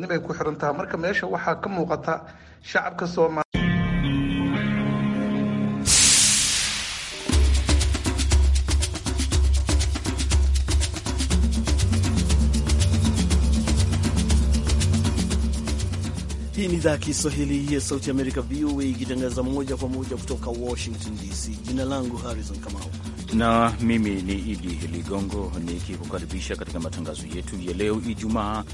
nibay ku xiran taha marka meesha waxaa ka muuqata shacabka sooma Hii ni idhaa ya Kiswahili ya Sauti Amerika, VOA, ikitangaza moja kwa moja kutoka Washington DC. Jina langu Harrison Kamau na mimi ni Idi Ligongo nikikukaribisha katika matangazo yetu ya leo Ijumaa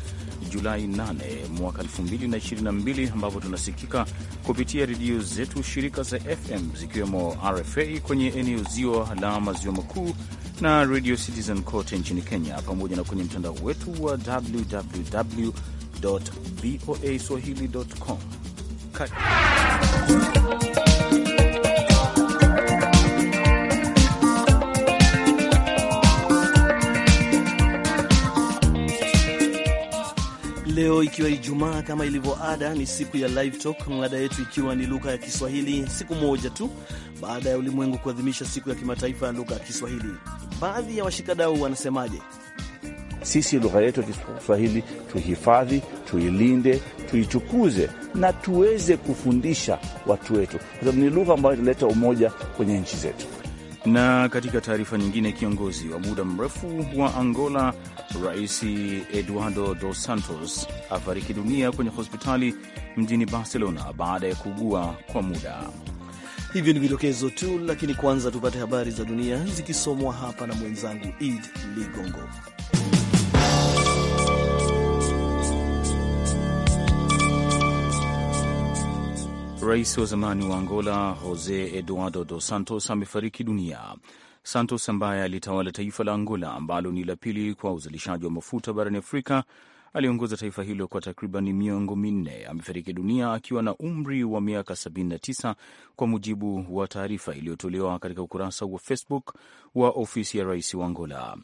Julai 8 mwaka 2022, ambapo tunasikika kupitia redio zetu shirika za FM zikiwemo RFA kwenye eneo ziwa la maziwa makuu na Radio Citizen kote nchini Kenya, pamoja na kwenye mtandao wetu wa www voa swahili.com. leo ikiwa Ijumaa, kama ilivyo ada, ni siku ya live talk, mada yetu ikiwa ni lugha ya Kiswahili, siku moja tu baada ya ulimwengu kuadhimisha siku ya kimataifa ya lugha ya Kiswahili. Baadhi ya washikadau wanasemaje? Sisi lugha yetu ya Kiswahili tuhifadhi, tuilinde, tuichukuze na tuweze kufundisha watu wetu, kwa sababu ni lugha ambayo inaleta umoja kwenye nchi zetu. Na katika taarifa nyingine, kiongozi wa muda mrefu wa Angola Rais Eduardo Dos Santos afariki dunia kwenye hospitali mjini Barcelona baada ya kuugua kwa muda. Hivyo ni vidokezo tu, lakini kwanza tupate habari za dunia zikisomwa hapa na mwenzangu Id Ligongo. Rais wa zamani wa Angola Jose Eduardo Dos Santos amefariki dunia. Santos ambaye alitawala taifa la Angola ambalo ni la pili kwa uzalishaji wa mafuta barani Afrika aliongoza taifa hilo kwa takriban miongo minne. Amefariki dunia akiwa na umri wa miaka 79 kwa mujibu wa taarifa iliyotolewa katika ukurasa wa Facebook wa ofisi ya rais wa Angola.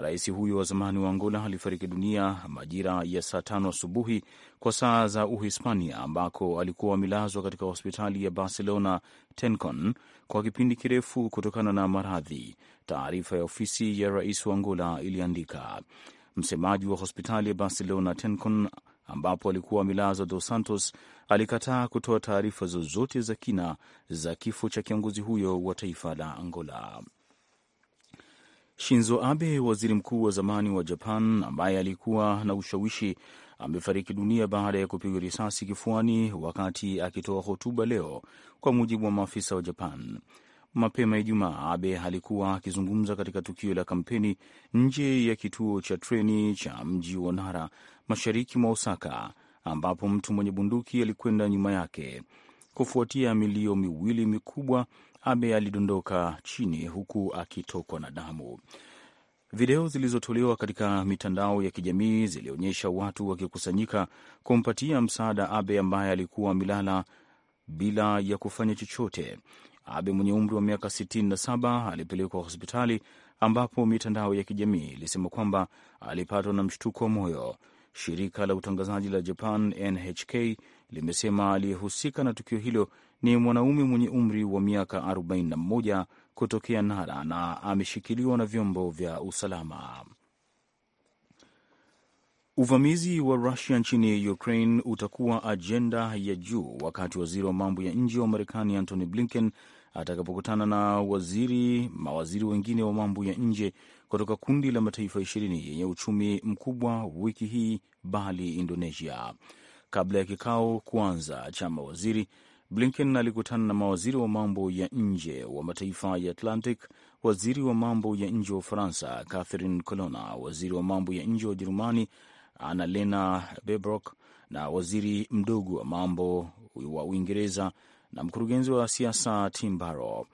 Rais huyo wa zamani wa Angola alifariki dunia majira ya saa tano asubuhi kwa saa za Uhispania, ambako alikuwa amelazwa katika hospitali ya Barcelona Tencon kwa kipindi kirefu kutokana na maradhi, taarifa ya ofisi ya rais wa Angola iliandika. Msemaji wa hospitali ya Barcelona Tencon ambapo alikuwa amelazwa Dos Santos alikataa kutoa taarifa zozote za kina za kifo cha kiongozi huyo wa taifa la Angola. Shinzo Abe, waziri mkuu wa zamani wa Japan ambaye alikuwa na ushawishi, amefariki dunia baada ya kupigwa risasi kifuani wakati akitoa hotuba leo, kwa mujibu wa maafisa wa Japan. Mapema Ijumaa, Abe alikuwa akizungumza katika tukio la kampeni nje ya kituo cha treni cha mji wa Nara, mashariki mwa Osaka, ambapo mtu mwenye bunduki alikwenda nyuma yake kufuatia milio miwili mikubwa Abe alidondoka chini huku akitokwa na damu. Video zilizotolewa katika mitandao ya kijamii zilionyesha watu wakikusanyika kumpatia msaada Abe ambaye alikuwa amelala bila ya kufanya chochote. Abe mwenye umri wa miaka 67 alipelekwa hospitali ambapo mitandao ya kijamii ilisema kwamba alipatwa na mshtuko wa moyo. Shirika la utangazaji la Japan NHK limesema aliyehusika na tukio hilo ni mwanaume mwenye umri wa miaka 41 kutokea Nara na ameshikiliwa na vyombo vya usalama. Uvamizi wa Rusia nchini Ukraine utakuwa ajenda ya juu wakati waziri wa mambo ya nje wa Marekani Antony Blinken atakapokutana na waziri mawaziri wengine wa mambo ya nje kutoka kundi la mataifa ishirini yenye uchumi mkubwa wiki hii Bali, Indonesia. Kabla ya kikao kuanza cha mawaziri, Blinken alikutana na mawaziri wa mambo ya nje wa mataifa ya Atlantic, waziri wa mambo ya nje wa Ufaransa Catherine Colonna, waziri wa mambo ya nje wa Ujerumani Annalena Baerbock na waziri mdogo wa mambo wa Uingereza na mkurugenzi wa siasa Tim Barrow.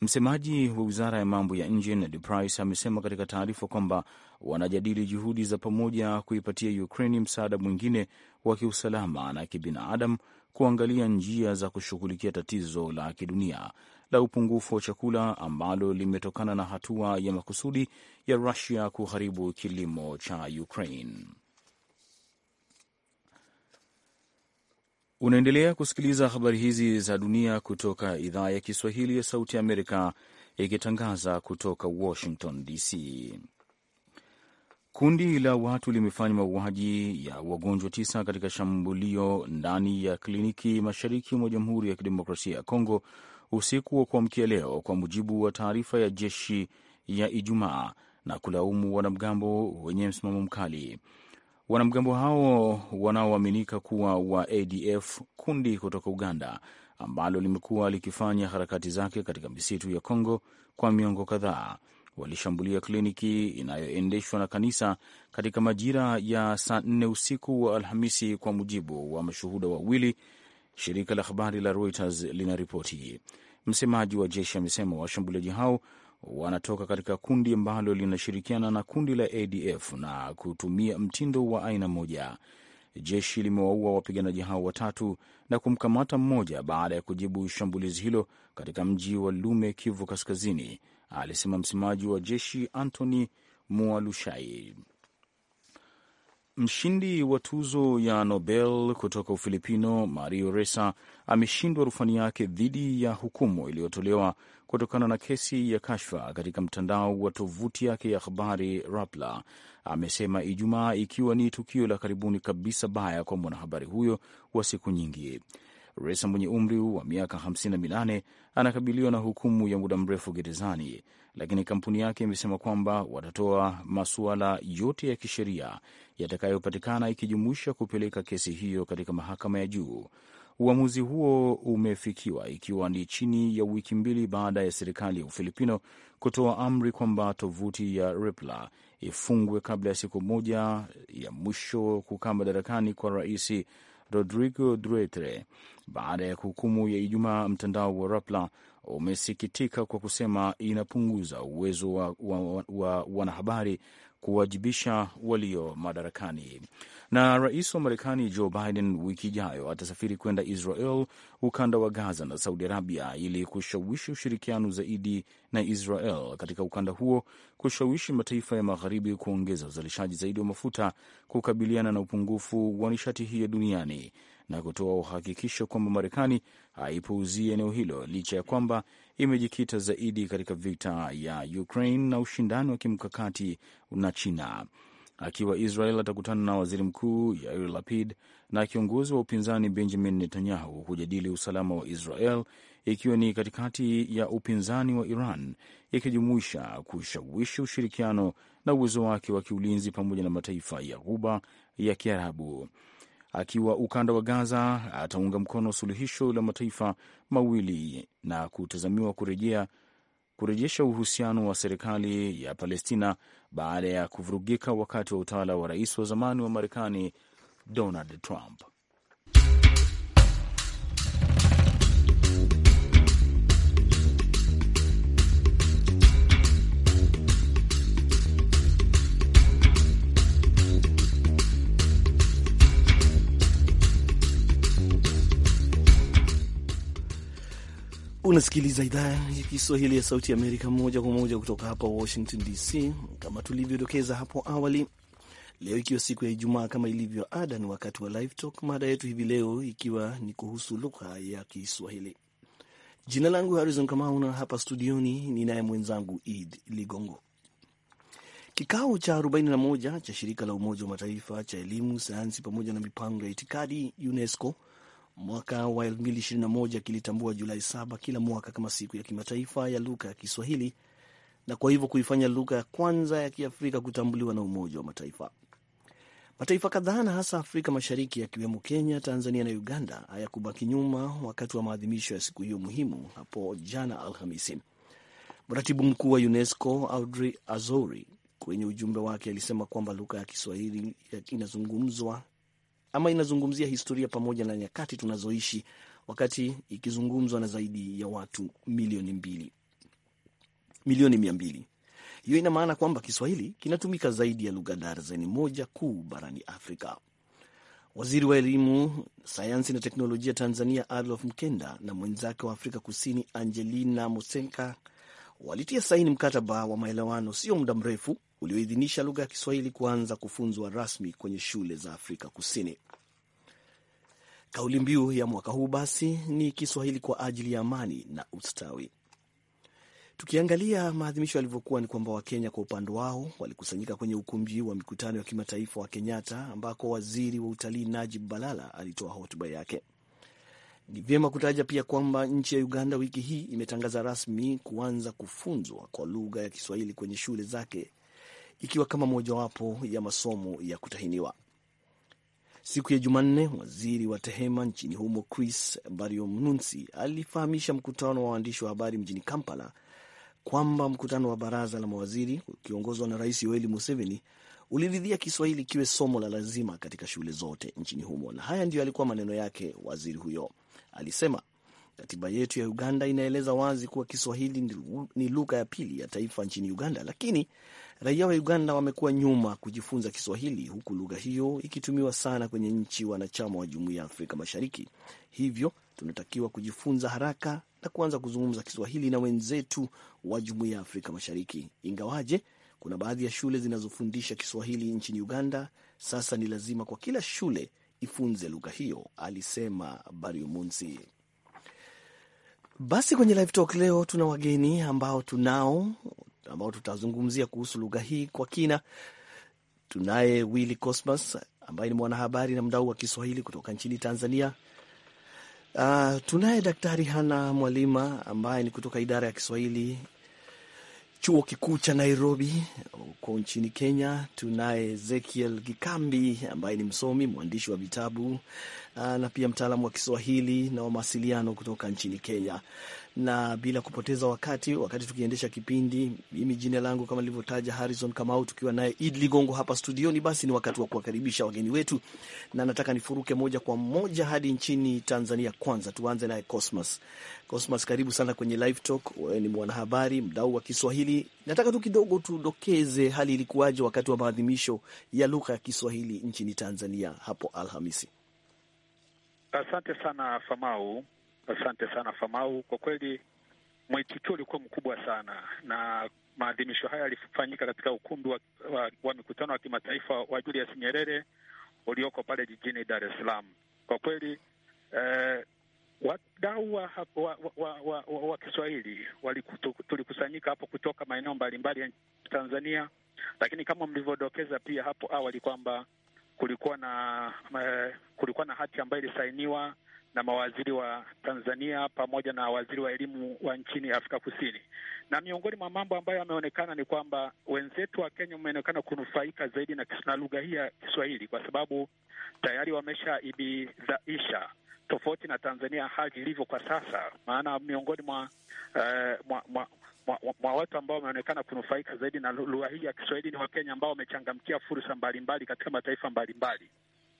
Msemaji wa wizara ya mambo ya nje Ned Price amesema katika taarifa kwamba wanajadili juhudi za pamoja kuipatia Ukraini msaada mwingine wa kiusalama na kibinadamu kuangalia njia za kushughulikia tatizo la kidunia la upungufu wa chakula ambalo limetokana na hatua ya makusudi ya Rusia kuharibu kilimo cha Ukraine. Unaendelea kusikiliza habari hizi za dunia kutoka idhaa ya Kiswahili ya Sauti ya Amerika, ikitangaza kutoka Washington DC. Kundi la watu limefanya mauaji ya wagonjwa tisa katika shambulio ndani ya kliniki mashariki mwa Jamhuri ya Kidemokrasia ya Kongo usiku wa kuamkia leo, kwa mujibu wa taarifa ya jeshi ya Ijumaa, na kulaumu wanamgambo wenye msimamo mkali. Wanamgambo hao wanaoaminika kuwa wa ADF, kundi kutoka Uganda ambalo limekuwa likifanya harakati zake katika misitu ya Kongo kwa miongo kadhaa walishambulia kliniki inayoendeshwa na kanisa katika majira ya saa nne usiku wa Alhamisi, kwa mujibu wa mashuhuda wawili, shirika la habari la Reuters linaripoti. Msemaji wa jeshi amesema washambuliaji hao wanatoka katika kundi ambalo linashirikiana na kundi la ADF na kutumia mtindo wa aina moja. Jeshi limewaua wapiganaji hao watatu na kumkamata mmoja baada ya kujibu shambulizi hilo katika mji wa Lume, Kivu Kaskazini alisema msemaji wa jeshi Antony Mualushai. Mshindi wa tuzo ya Nobel kutoka Ufilipino Mario resa ameshindwa rufani yake dhidi ya hukumu iliyotolewa kutokana na kesi ya kashfa katika mtandao wa tovuti yake ya habari rapla amesema Ijumaa, ikiwa ni tukio la karibuni kabisa baya kwa mwanahabari huyo wa siku nyingi. Resa mwenye umri wa miaka 58 anakabiliwa na hukumu ya muda mrefu gerezani, lakini kampuni yake imesema kwamba watatoa masuala yote ya kisheria yatakayopatikana, ikijumuisha kupeleka kesi hiyo katika mahakama ya juu. Uamuzi huo umefikiwa ikiwa ni chini ya wiki mbili baada ya serikali ya Ufilipino kutoa amri kwamba tovuti ya Repla ifungwe kabla ya siku moja ya mwisho kukaa madarakani kwa rais Rodrigo Duetre baada ya hukumu ya Ijumaa. Mtandao wa Rapla umesikitika kwa kusema inapunguza uwezo wa, wa, wa, wa wanahabari kuwajibisha walio madarakani. Na rais wa Marekani Joe Biden wiki ijayo atasafiri kwenda Israel, ukanda wa Gaza na Saudi Arabia ili kushawishi ushirikiano zaidi na Israel katika ukanda huo, kushawishi mataifa ya magharibi kuongeza uzalishaji zaidi wa mafuta, kukabiliana na upungufu wa nishati hiyo duniani na kutoa uhakikisho kwamba Marekani haipuuzii eneo hilo licha ya kwamba imejikita zaidi katika vita ya Ukraine na ushindani wa kimkakati na China. Akiwa Israel atakutana na waziri mkuu Yair Lapid na kiongozi wa upinzani Benjamin Netanyahu kujadili usalama wa Israel, ikiwa ni katikati ya upinzani wa Iran, ikijumuisha kushawishi ushirikiano na uwezo wake wa kiulinzi pamoja na mataifa ya Ghuba ya Kiarabu akiwa ukanda wa Gaza ataunga mkono suluhisho la mataifa mawili na kutazamiwa kurejea kurejesha uhusiano wa serikali ya Palestina baada ya kuvurugika wakati wa utawala wa rais wa zamani wa Marekani Donald Trump. Unasikiliza idhaa ya Kiswahili ya Sauti ya Amerika moja kwa moja kutoka hapa Washington DC. Kama tulivyodokeza hapo awali, leo ikiwa siku ya Ijumaa, kama ilivyo ada, ni wakati wa Live Talk, mada yetu hivi leo ikiwa ni kuhusu lugha ya Kiswahili. Jina langu Harrison Kamau na hapa studioni ni naye mwenzangu Ed Ligongo. Kikao cha 41 cha shirika la Umoja wa Mataifa cha elimu, sayansi pamoja na mipango ya itikadi UNESCO mwaka wa 2021 kilitambua Julai saba kila mwaka kama siku ya kimataifa ya lugha ya Kiswahili na kwa hivyo kuifanya lugha ya kwanza ya Kiafrika kutambuliwa na Umoja wa Mataifa. Mataifa kadhaa na hasa Afrika Mashariki yakiwemo Kenya, Tanzania na Uganda hayakubaki nyuma wakati wa maadhimisho ya siku hiyo muhimu hapo jana Alhamisi. Mratibu mkuu wa UNESCO Audrey Azouri kwenye ujumbe wake alisema kwamba lugha ya Kiswahili inazungumzwa ama inazungumzia historia pamoja na nyakati tunazoishi, wakati ikizungumzwa na zaidi ya watu milioni mbili milioni mia mbili. Hiyo ina maana kwamba Kiswahili kinatumika zaidi ya lugha darzeni moja kuu barani Afrika. Waziri wa Elimu, Sayansi na Teknolojia Tanzania Adolf Mkenda na mwenzake wa Afrika Kusini Angelina Mosenka walitia saini mkataba wa maelewano sio muda mrefu ulioidhinisha lugha ya Kiswahili kuanza kufunzwa rasmi kwenye shule za Afrika Kusini. Kauli mbiu ya mwaka huu basi ni Kiswahili kwa ajili ya amani na ustawi. Tukiangalia maadhimisho yalivyokuwa ni kwamba Wakenya kwa upande wao walikusanyika kwenye ukumbi wa mikutano ya kimataifa wa Kenyatta ambako waziri wa utalii Najib Balala alitoa hotuba yake. Ni vyema kutaja pia kwamba nchi ya Uganda wiki hii imetangaza rasmi kuanza kufunzwa kwa lugha ya Kiswahili kwenye shule zake ikiwa kama mojawapo ya masomo ya kutahiniwa. Siku ya Jumanne, waziri wa tehema nchini humo Chris Mnunsi alifahamisha mkutano wa waandishi wa habari mjini Kampala kwamba mkutano wa baraza la mawaziri ukiongozwa na Rais Yoweri Museveni uliridhia Kiswahili kiwe somo la lazima katika shule zote nchini humo, na haya ndiyo yalikuwa maneno yake. Waziri huyo alisema, katiba yetu ya Uganda inaeleza wazi kuwa Kiswahili ni lugha ya pili ya taifa nchini Uganda, lakini raia wa Uganda wamekuwa nyuma kujifunza Kiswahili, huku lugha hiyo ikitumiwa sana kwenye nchi wanachama wa Jumuiya ya Afrika Mashariki. Hivyo tunatakiwa kujifunza haraka na kuanza kuzungumza Kiswahili na wenzetu wa Jumuiya ya Afrika Mashariki. Ingawaje kuna baadhi ya shule zinazofundisha Kiswahili nchini Uganda, sasa ni lazima kwa kila shule ifunze lugha hiyo, alisema Bariumunsi. Basi kwenye Live Talk leo tuna wageni ambao tunao ambao tutazungumzia kuhusu lugha hii kwa kina. Tunaye Willy Cosmas ambaye ni mwanahabari na mdau wa Kiswahili kutoka nchini Tanzania. Uh, tunaye Daktari Hana Mwalima ambaye ni kutoka idara ya Kiswahili chuo kikuu cha Nairobi huko nchini Kenya. Tunaye Ezekiel Gikambi ambaye ni msomi, mwandishi wa vitabu ah, na pia mtaalamu wa Kiswahili na wa mawasiliano kutoka nchini Kenya na bila kupoteza wakati, wakati tukiendesha kipindi, mimi jina langu kama nilivyotaja Harrison Kamau, tukiwa naye Id Ligongo hapa studioni, basi ni wakati wa kuwakaribisha wageni wetu, na nataka nifuruke moja kwa moja hadi nchini Tanzania. Kwanza tuanze naye Cosmas. Cosmas, karibu sana kwenye Live Talk. Wewe ni mwanahabari, mdau wa Kiswahili. Nataka tu kidogo tudokeze hali ilikuwaje wakati wa maadhimisho ya lugha ya Kiswahili nchini Tanzania hapo Alhamisi. Asante sana Famau. Asante sana Famau, kwa kweli mwitikio ulikuwa mkubwa sana, na maadhimisho haya yalifanyika katika ukumbi wa, wa, wa mikutano wa kimataifa wa Julius Nyerere ulioko pale jijini Dar es Salaam. Kwa kweli eh, wadau wa, wa, wa, wa, wa, wa Kiswahili tulikusanyika hapo kutoka maeneo mbalimbali ya Tanzania, lakini kama mlivyodokeza pia hapo awali kwamba kulikuwa na eh, kulikuwa na hati ambayo ilisainiwa na mawaziri wa Tanzania pamoja na waziri wa elimu wa nchini Afrika Kusini. Na miongoni mwa mambo ambayo yameonekana ni kwamba wenzetu wa Kenya wameonekana kunufaika zaidi na, na lugha hii ya Kiswahili kwa sababu tayari wamesha ibidhaisha tofauti na Tanzania hali ilivyo kwa sasa, maana miongoni mwa, uh, mwa, mwa mwa, mwa watu ambao wameonekana kunufaika zaidi na lugha hii ya Kiswahili ni Wakenya ambao wamechangamkia fursa mbalimbali katika mataifa mbalimbali.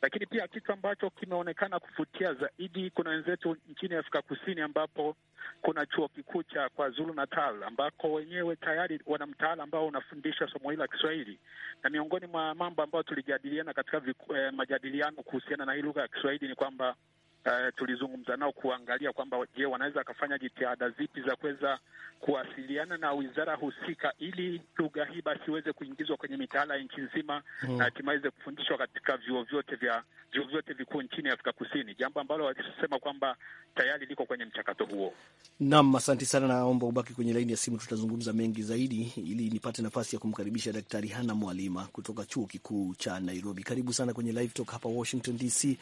Lakini pia kitu ambacho kimeonekana kuvutia zaidi, kuna wenzetu nchini Afrika Kusini ambapo kuna chuo kikuu cha KwaZulu Natal ambako wenyewe tayari wana mtaala ambao unafundisha somo hili la Kiswahili, na miongoni mwa mambo ambayo tulijadiliana katika eh, majadiliano kuhusiana na hii lugha ya Kiswahili ni kwamba uh, tulizungumza nao kuangalia kwamba je, wanaweza wakafanya jitihada zipi za kuweza kuwasiliana na wizara husika ili lugha hii basi iweze kuingizwa kwenye mitaala ya nchi nzima mm. na mm, hatimaye iweze kufundishwa katika vyuo vyote vya vyuo vyote vikuu nchini Afrika Kusini, jambo ambalo walisema kwamba tayari liko kwenye mchakato huo. Naam, asante sana, naomba ubaki kwenye laini ya simu, tutazungumza mengi zaidi ili nipate nafasi ya kumkaribisha Daktari Hana Mwalima kutoka Chuo Kikuu cha Nairobi. Karibu sana kwenye Live Talk hapa Washington DC.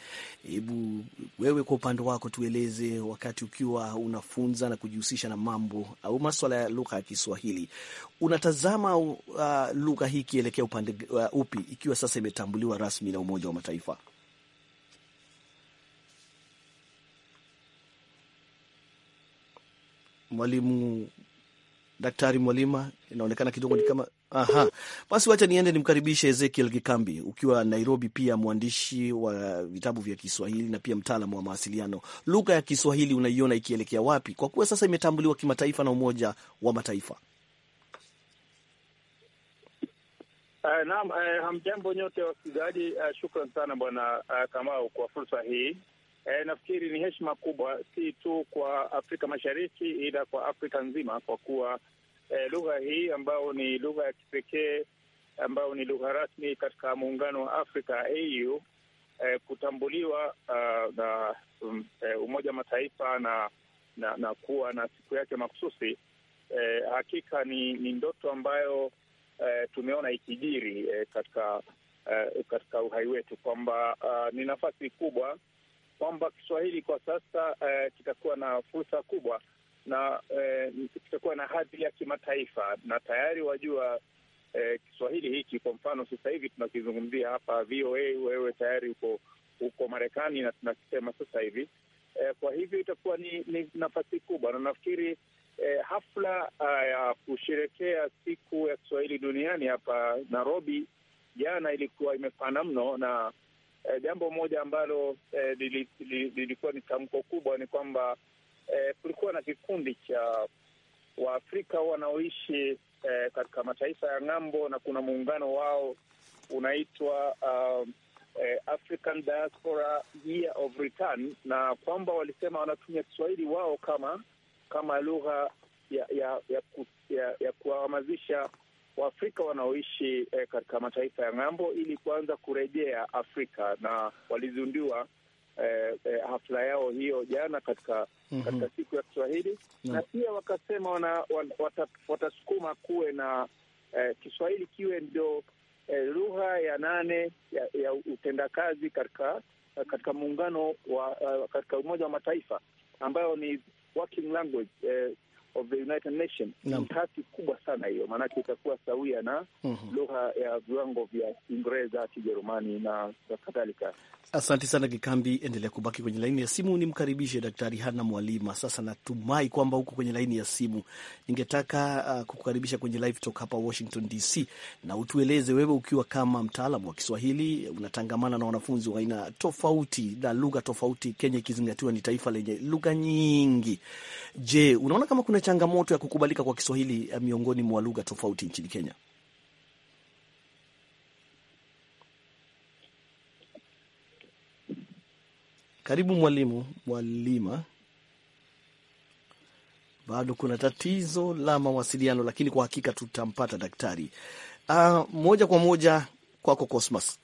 Hebu wewe wewe kwa upande wako tueleze, wakati ukiwa unafunza na kujihusisha na mambo au maswala ya lugha ya Kiswahili, unatazama uh, lugha hii ikielekea upande uh, upi, ikiwa sasa imetambuliwa rasmi na Umoja wa Mataifa? Mwalimu Daktari Mwalima, inaonekana kidogo ni kama aha. Basi wacha niende nimkaribishe Ezekiel Gikambi, ukiwa Nairobi, pia mwandishi wa vitabu vya Kiswahili na pia mtaalamu wa mawasiliano. Lugha ya Kiswahili unaiona ikielekea wapi, kwa kuwa sasa imetambuliwa kimataifa na Umoja wa Mataifa? Uh, naam. Uh, hamjambo nyote wasikilizaji. Uh, shukran sana bwana uh, Kamau kwa fursa hii E, nafikiri ni heshima kubwa si tu kwa Afrika Mashariki ila kwa Afrika nzima kwa kuwa e, lugha hii ambayo ni lugha ya kipekee ambayo ni lugha rasmi katika muungano wa Afrika AU e, eh, kutambuliwa uh, na um, e, Umoja wa Mataifa na, na na kuwa na siku yake mahususi e, hakika ni, ni ndoto ambayo e, tumeona ikijiri e, katika e, katika uhai wetu kwamba uh, ni nafasi kubwa kwamba Kiswahili kwa sasa eh, kitakuwa na fursa kubwa na eh, kitakuwa na hadhi ya kimataifa, na tayari wajua eh, Kiswahili hiki, kwa mfano sasa hivi tunakizungumzia hapa VOA, wewe tayari uko huko Marekani na tunakisema sasa hivi eh, kwa hivyo itakuwa ni, ni nafasi kubwa na nafikiri eh, hafla eh, ya kusherekea siku ya Kiswahili duniani hapa Nairobi jana ilikuwa imepana mno, na E, jambo moja ambalo eh, lilikuwa li, li, li, ni tamko kubwa ni kwamba e, kulikuwa na kikundi cha Waafrika wanaoishi e, katika mataifa ya ng'ambo na kuna muungano wao unaitwa um, e, African Diaspora Year of Return, na kwamba walisema wanatumia Kiswahili wao kama kama lugha ya ya ya, ya, ya kuhamasisha Waafrika wanaoishi eh, katika mataifa ya ng'ambo ili kuanza kurejea Afrika, na walizundiwa eh, eh, hafla yao hiyo jana katika mm -hmm. katika siku ya Kiswahili no. na pia wakasema wana, wata, watasukuma kuwe na eh, Kiswahili kiwe ndio eh, lugha ya nane ya, ya utendakazi katika katika muungano wa uh, katika Umoja wa Mataifa ambayo ni working language eh, of the United Nations ni no. hati kubwa sana hiyo, maanake itakuwa sawia na mm -hmm. lugha ya viwango vya Kiingereza, Kijerumani na kadhalika. Asante sana Kikambi, endelea kubaki kwenye laini ya simu. Nimkaribishe Daktari Hana Mwalima. Sasa natumai kwamba huko kwenye laini ya simu, ningetaka uh, kukukaribisha kwenye live talk hapa Washington DC, na utueleze wewe, ukiwa kama mtaalamu wa Kiswahili, unatangamana na wanafunzi wa aina tofauti na lugha tofauti, Kenya ikizingatiwa ni taifa lenye lugha nyingi. Je, unaona kama kuna changamoto ya kukubalika kwa Kiswahili eh, miongoni mwa lugha tofauti nchini Kenya? Karibu mwalimu mwalima. Bado kuna tatizo la mawasiliano, lakini kwa hakika tutampata daktari. Uh, moja kwa moja kwako Cosmas.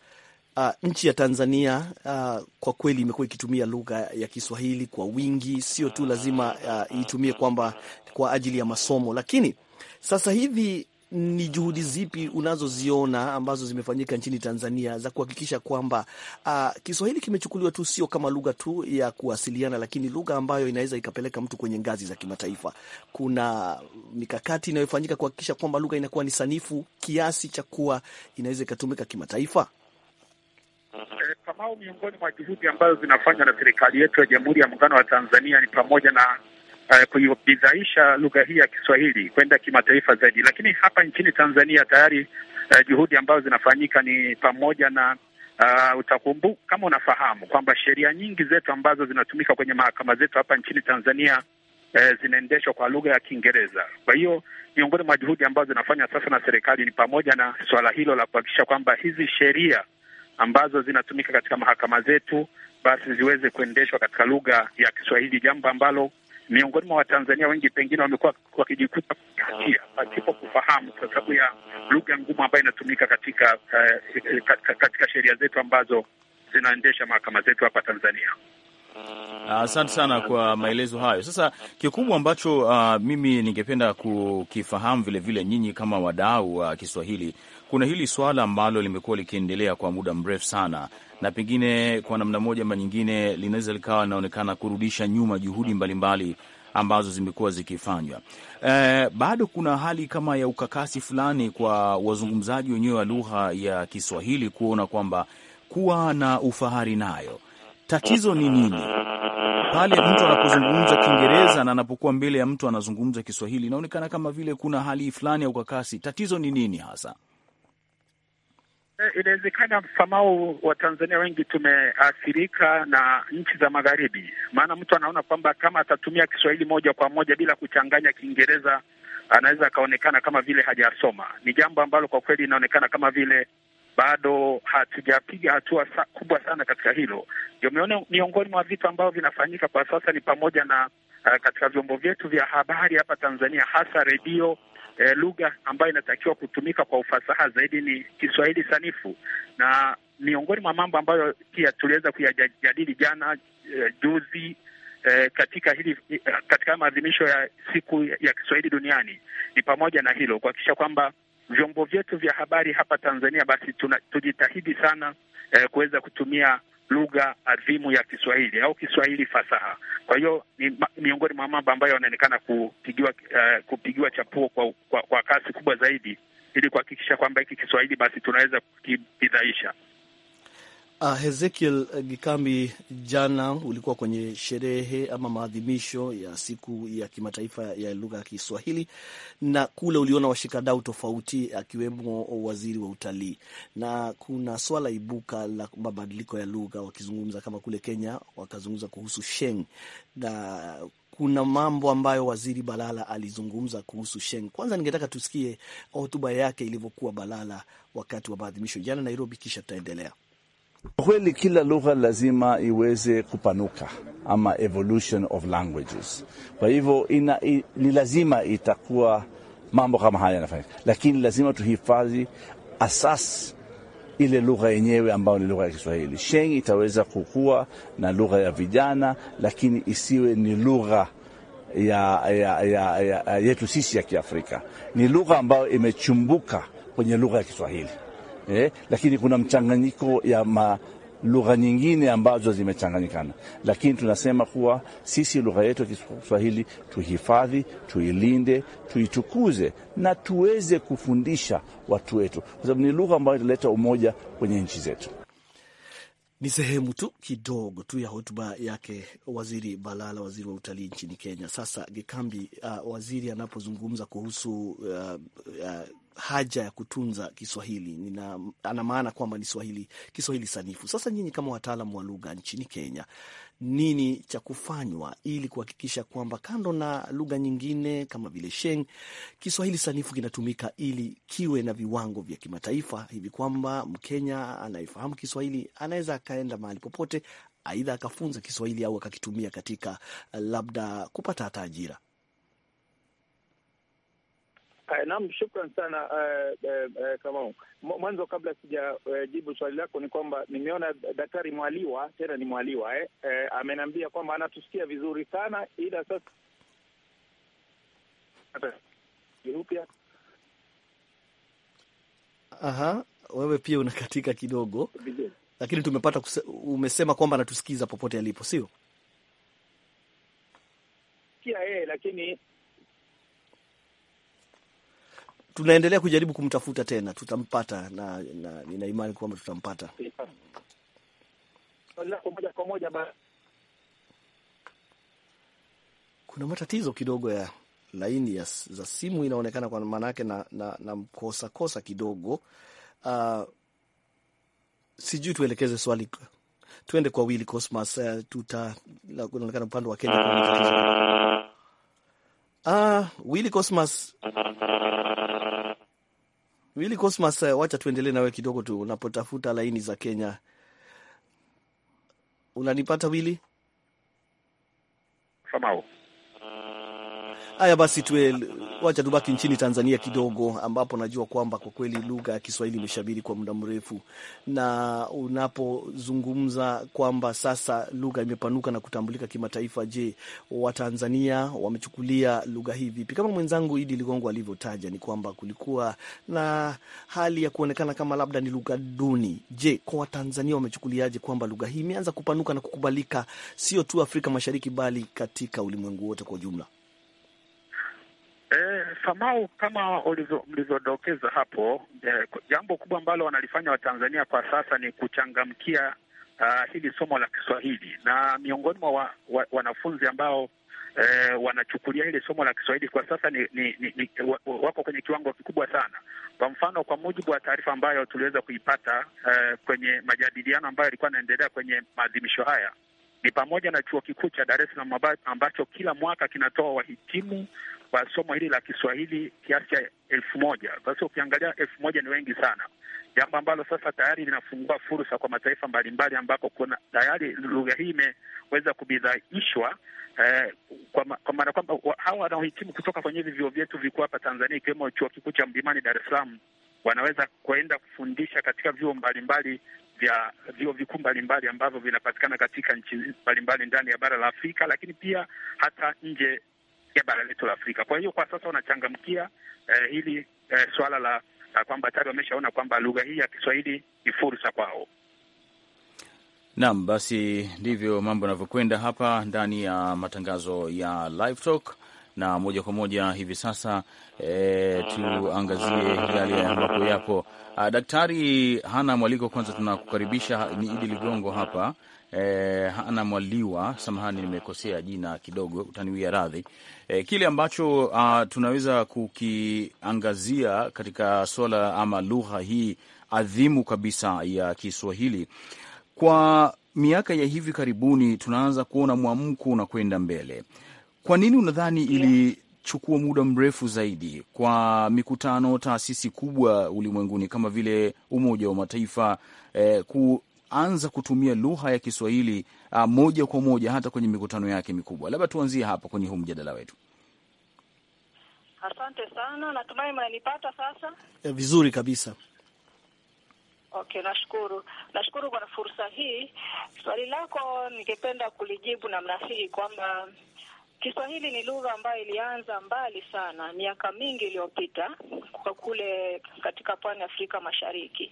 Uh, nchi ya Tanzania uh, kwa kweli imekuwa ikitumia lugha ya Kiswahili kwa wingi, sio tu lazima uh, itumie kwamba kwa ajili ya masomo, lakini sasa hivi ni juhudi zipi unazoziona ambazo zimefanyika nchini Tanzania za kuhakikisha kwamba uh, Kiswahili kimechukuliwa tu sio kama lugha tu ya kuwasiliana, lakini lugha ambayo inaweza ikapeleka mtu kwenye ngazi za kimataifa? Kuna mikakati inayofanyika kuhakikisha kwamba lugha inakuwa ni sanifu kiasi cha kuwa inaweza ikatumika kimataifa? Eh, Kamau, miongoni mwa juhudi ambazo zinafanywa na serikali yetu ya Jamhuri ya Muungano wa Tanzania ni pamoja na uh, eh, kuibidhaisha lugha hii ya Kiswahili kwenda kimataifa zaidi, lakini hapa nchini Tanzania tayari uh, juhudi ambazo zinafanyika ni pamoja na Uh, utakumbu kama unafahamu kwamba sheria nyingi zetu ambazo zinatumika kwenye mahakama zetu hapa nchini Tanzania eh, zinaendeshwa kwa lugha ya Kiingereza. Kwa hiyo miongoni mwa juhudi ambazo zinafanywa sasa na serikali ni pamoja na swala hilo la kuhakikisha kwamba hizi sheria ambazo zinatumika katika mahakama zetu basi ziweze kuendeshwa katika lugha ya Kiswahili, jambo ambalo miongoni mwa Watanzania wengi pengine wamekuwa wakijikuta kukatia mm. pasipo kufahamu kwa sababu ya lugha ngumu ambayo inatumika katika uh, katika sheria zetu ambazo zinaendesha mahakama zetu hapa Tanzania. Mm. Asante uh, sana kwa maelezo hayo. Sasa kikubwa ambacho uh, mimi ningependa kukifahamu vilevile, nyinyi kama wadau wa uh, Kiswahili kuna hili swala ambalo limekuwa likiendelea kwa muda mrefu sana na pengine kwa namna moja ama nyingine linaweza likawa linaonekana kurudisha nyuma juhudi mbalimbali mbali ambazo zimekuwa zikifanywa. E, bado kuna hali kama ya ukakasi fulani kwa wazungumzaji wenyewe wa lugha ya Kiswahili kuona kwamba kuwa na ufahari nayo. Tatizo ni nini pale mtu anapozungumza Kiingereza na anapokuwa mbele ya mtu anazungumza Kiswahili? Inaonekana kama vile kuna hali fulani ya ukakasi. Tatizo ni nini hasa? Eh, inawezekana msamaha wa Tanzania wengi tumeathirika na nchi za magharibi, maana mtu anaona kwamba kama atatumia Kiswahili moja kwa moja bila kuchanganya Kiingereza anaweza akaonekana kama vile hajasoma. Ni jambo ambalo kwa kweli inaonekana kama vile bado hatujapiga hatua sa kubwa sana katika hilo. Ndio miongoni mwa vitu ambavyo vinafanyika kwa sasa ni pamoja na uh, katika vyombo vyetu vya habari hapa Tanzania, hasa redio e, lugha ambayo inatakiwa kutumika kwa ufasaha zaidi ni Kiswahili sanifu, na miongoni mwa mambo ambayo pia tuliweza kuyajadili jana e, juzi e, katika hili e, katika maadhimisho ya siku ya Kiswahili duniani ni pamoja na hilo kuhakikisha kwamba vyombo vyetu vya habari hapa Tanzania basi tuna, tujitahidi sana e, kuweza kutumia lugha adhimu ya Kiswahili au Kiswahili fasaha. Kwa hiyo ni miongoni mwa mambo ambayo yanaonekana kupigiwa uh, kupigiwa chapuo kwa, kwa, kwa kasi kubwa zaidi ili kuhakikisha kwamba hiki Kiswahili basi tunaweza kukibidhaisha. Uh, ah, Hezekiel eh, Gikambi, jana ulikuwa kwenye sherehe ama maadhimisho ya siku ya kimataifa ya lugha ya Kiswahili, na kule uliona washikadau tofauti, akiwemo waziri wa utalii, na kuna swala ibuka la mabadiliko ya lugha, wakizungumza kama kule Kenya wakazungumza kuhusu Sheng na kuna mambo ambayo waziri Balala alizungumza kuhusu Sheng. Kwanza ningetaka tusikie hotuba yake ilivyokuwa Balala wakati wa maadhimisho jana Nairobi, kisha tutaendelea. Kweli kila lugha lazima iweze kupanuka ama evolution of languages. Kwa hivyo ina, i, ni lazima itakuwa mambo kama haya yanafanyika, lakini lazima tuhifadhi asas ile lugha yenyewe ambayo ni lugha ya Kiswahili. Sheng itaweza kukua na lugha ya vijana, lakini isiwe ni lugha ya, ya, ya, ya, yetu sisi ya Kiafrika. Ni lugha ambayo imechumbuka kwenye lugha ya Kiswahili eh, lakini kuna mchanganyiko ya ma lugha nyingine ambazo zimechanganyikana, lakini tunasema kuwa sisi lugha yetu ya Kiswahili tuhifadhi, tuilinde, tuitukuze na tuweze kufundisha watu wetu, kwa sababu ni lugha ambayo italeta umoja kwenye nchi zetu. Ni sehemu tu kidogo tu ya hotuba yake Waziri Balala, waziri wa utalii nchini Kenya. Sasa Gikambi, uh, waziri anapozungumza kuhusu uh, uh, haja ya kutunza Kiswahili nina, ana maana kwamba ni Swahili, Kiswahili sanifu. Sasa nyinyi kama wataalamu wa lugha nchini Kenya, nini cha kufanywa ili kuhakikisha kwamba kando na lugha nyingine kama vile Sheng, Kiswahili sanifu kinatumika ili kiwe na viwango vya kimataifa hivi kwamba Mkenya anayefahamu Kiswahili anaweza akaenda mahali popote, aidha akafunza Kiswahili au akakitumia katika labda kupata hata ajira? Naam, shukran sana uh, uh, uh, Kamau. Mwanzo kabla sijajibu uh, swali lako ni kwamba nimeona Daktari Mwaliwa tena ni Mwaliwa eh, uh, ameniambia kwamba anatusikia vizuri sana ila sasa upya. Aha, wewe pia unakatika kidogo Lakini tumepata kuse, umesema kwamba anatusikiza popote alipo, sio? Sikia yeye lakini tunaendelea kujaribu kumtafuta tena, tutampata na nina imani kwamba tutampata moja kwa moja. Kuna matatizo kidogo ya laini ya, za simu inaonekana, kwa maana yake na, na, na mkosa kosa kidogo uh, sijui tuelekeze swali, tuende kwa Willy Cosmas. Uh, tuta unaonekana upande wa Kenya Uh, Willy Cosmas Willy Cosmas, eh, wacha tuendelee nawe kidogo tu unapotafuta laini za Kenya. Unanipata Willy Haya basi, tuwe wacha tubaki nchini Tanzania kidogo, ambapo najua kwamba kwa kweli lugha ya Kiswahili imeshabiri kwa muda mrefu, na unapozungumza kwamba sasa lugha imepanuka na kutambulika kimataifa, je, Watanzania wamechukulia lugha hii vipi? Kama mwenzangu Idi Ligongo alivyotaja, ni kwamba kulikuwa na hali ya kuonekana kama labda ni lugha duni. Je, kwa Watanzania wamechukuliaje kwamba lugha hii imeanza kupanuka na kukubalika sio tu Afrika Mashariki, bali katika ulimwengu wote kwa ujumla? Eh, Famau, kama mlivyodokeza hapo eh, jambo kubwa ambalo wanalifanya Watanzania kwa sasa ni kuchangamkia uh, hili somo la Kiswahili na miongoni mwa wa, wa, wanafunzi ambao eh, wanachukulia hili somo la Kiswahili kwa sasa ni, ni, ni, ni, wako kwenye kiwango kikubwa sana. Kwa mfano, kwa mujibu wa taarifa ambayo tuliweza kuipata eh, kwenye majadiliano ambayo yalikuwa yanaendelea kwenye maadhimisho haya ni pamoja na chuo kikuu cha Dar es Salaam ambacho kila mwaka kinatoa wahitimu wa somo hili la Kiswahili kiasi cha elfu moja. Sasa ukiangalia elfu moja ni wengi sana, jambo ambalo sasa tayari linafungua fursa kwa mataifa mbalimbali ambako kuna tayari lugha hii imeweza kubidhaishwa eh, kwa, kwa maana kwamba hawa wanaohitimu kutoka kwenye hivi vyuo vyetu vikuu hapa Tanzania ikiwemo chuo kikuu cha Mlimani Dar es Salaam wanaweza kuenda kufundisha katika vyuo mbalimbali vya vyuo vikuu mbalimbali ambavyo vinapatikana katika nchi mbalimbali ndani ya bara la Afrika, lakini pia hata nje kuelekea bara letu la Afrika. Kwa hiyo kwa sasa wanachangamkia eh, hili eh, suala la kwamba tayari wameshaona kwamba lugha hii ya Kiswahili ni fursa kwao. Naam, basi ndivyo mambo yanavyokwenda hapa ndani ya matangazo ya Live Talk na moja kwa moja hivi sasa e, tuangazie yale ambapo yapo. A, ah, Daktari hana mwaliko. Kwanza tunakukaribisha ni Idi Ligongo hapa eh, Hana Mwaliwa, samahani nimekosea jina kidogo, utaniwia radhi. Eh, kile ambacho uh, tunaweza kukiangazia katika swala ama lugha hii adhimu kabisa ya Kiswahili kwa miaka ya hivi karibuni, tunaanza kuona mwamko unakwenda mbele. Kwa nini unadhani ilichukua muda mrefu zaidi kwa mikutano, taasisi kubwa ulimwenguni kama vile Umoja wa Mataifa eh, anza kutumia lugha ya Kiswahili uh, moja kwa moja hata kwenye mikutano yake mikubwa? Labda tuanzie hapa kwenye huu mjadala wetu. Asante sana, natumai mnanipata sasa ya eh, vizuri kabisa. Okay, nashukuru, nashukuru kwa fursa hii. Swali lako ningependa kulijibu namna hii kwamba Kiswahili ni lugha ambayo ilianza mbali sana miaka mingi iliyopita kwa kule katika pwani Afrika Mashariki.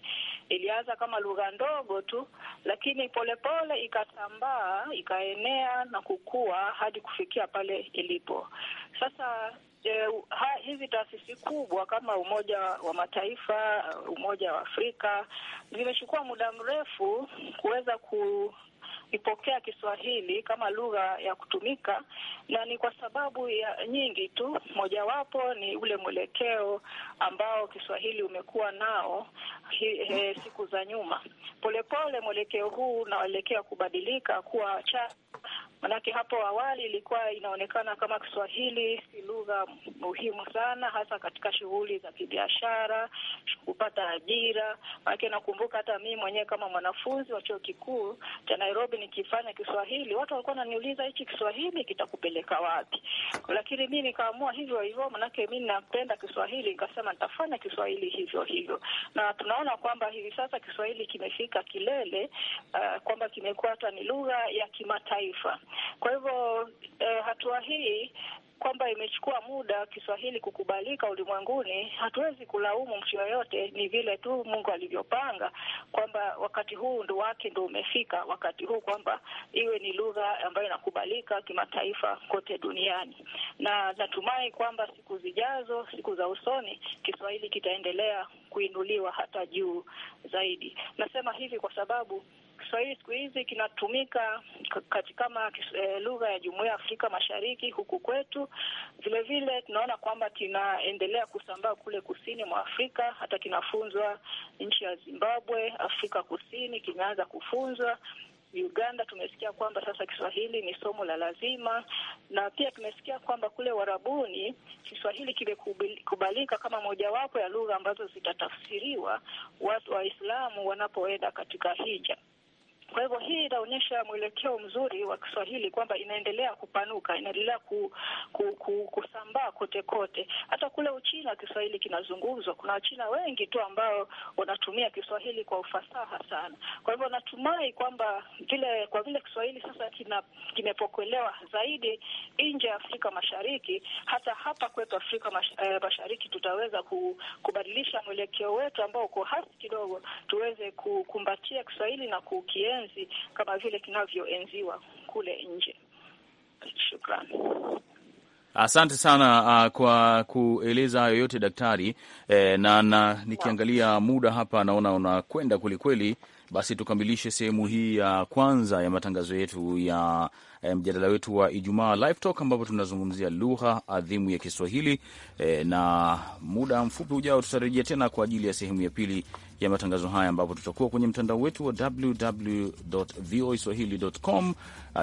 Ilianza kama lugha ndogo tu, lakini polepole ikasambaa ikaenea na kukua hadi kufikia pale ilipo sasa. E, ha, hizi taasisi kubwa kama Umoja wa Mataifa, Umoja wa Afrika zimechukua muda mrefu kuweza ku ipokea Kiswahili kama lugha ya kutumika, na ni kwa sababu ya nyingi tu. Mojawapo ni ule mwelekeo ambao Kiswahili umekuwa nao hi, he, siku za nyuma. Polepole mwelekeo huu unaelekea kubadilika kuwa cha Manake hapo awali ilikuwa inaonekana kama Kiswahili si lugha muhimu sana, hasa katika shughuli za kibiashara, kupata ajira. Manake nakumbuka hata mimi mwenyewe kama mwanafunzi wa chuo kikuu cha Nairobi nikifanya Kiswahili, watu walikuwa wananiuliza hichi Kiswahili kitakupeleka wapi? Lakini mi nikaamua hivyo hivyo, manake mi napenda Kiswahili, nikasema nitafanya Kiswahili hivyo hivyo, na tunaona kwamba hivi sasa Kiswahili kimefika kilele, uh, kwamba kimekuwa hata ni lugha ya kimataifa. Kwa hivyo eh, hatua hii kwamba imechukua muda Kiswahili kukubalika ulimwenguni, hatuwezi kulaumu mtu yoyote. Ni vile tu Mungu alivyopanga kwamba wakati huu ndo wake ndo umefika wakati huu kwamba iwe ni lugha ambayo inakubalika kimataifa kote duniani, na natumai kwamba siku zijazo, siku za usoni, Kiswahili kitaendelea kuinuliwa hata juu zaidi. Nasema hivi kwa sababu Kiswahili siku hizi kinatumika kama e, eh, lugha ya Jumuiya ya Afrika Mashariki huku kwetu. Vile vile tunaona kwamba kinaendelea kusambaa kule kusini mwa Afrika, hata kinafunzwa nchi ya Zimbabwe, Afrika Kusini kimeanza kufunzwa Uganda tumesikia kwamba sasa Kiswahili ni somo la lazima, na pia tumesikia kwamba kule Warabuni Kiswahili kimekubalika kama mojawapo ya lugha ambazo zitatafsiriwa watu Waislamu wanapoenda katika hija. Kwa hivyo hii inaonyesha mwelekeo mzuri wa Kiswahili kwamba inaendelea kupanuka, inaendelea ku, ku, ku, kusambaa kote kote. Hata kule Uchina Kiswahili kinazungumzwa. Kuna Wachina wengi tu ambao wanatumia Kiswahili kwa ufasaha sana. Kwa hivyo natumai kwamba vile, kwa vile Kiswahili sasa kina, kimepokelewa zaidi nje ya Afrika Mashariki, hata hapa kwetu Afrika eh, Mashariki tutaweza kubadilisha mwelekeo wetu ambao uko hasi kidogo, tuweze kukumbatia Kiswahili na kukienzi kuenzi kama vile kinavyoenziwa kule nje. Shukrani. Asante sana uh, kwa kueleza hayo yote daktari. E, na, na nikiangalia muda hapa naona unakwenda kwelikweli, basi tukamilishe sehemu hii ya kwanza ya matangazo yetu ya eh, mjadala wetu wa Ijumaa Live Talk ambapo tunazungumzia lugha adhimu ya Kiswahili. E, na muda mfupi ujao tutarejea tena kwa ajili ya sehemu ya pili ya matangazo haya, ambapo tutakuwa kwenye mtandao wetu wa www.voaswahili.com.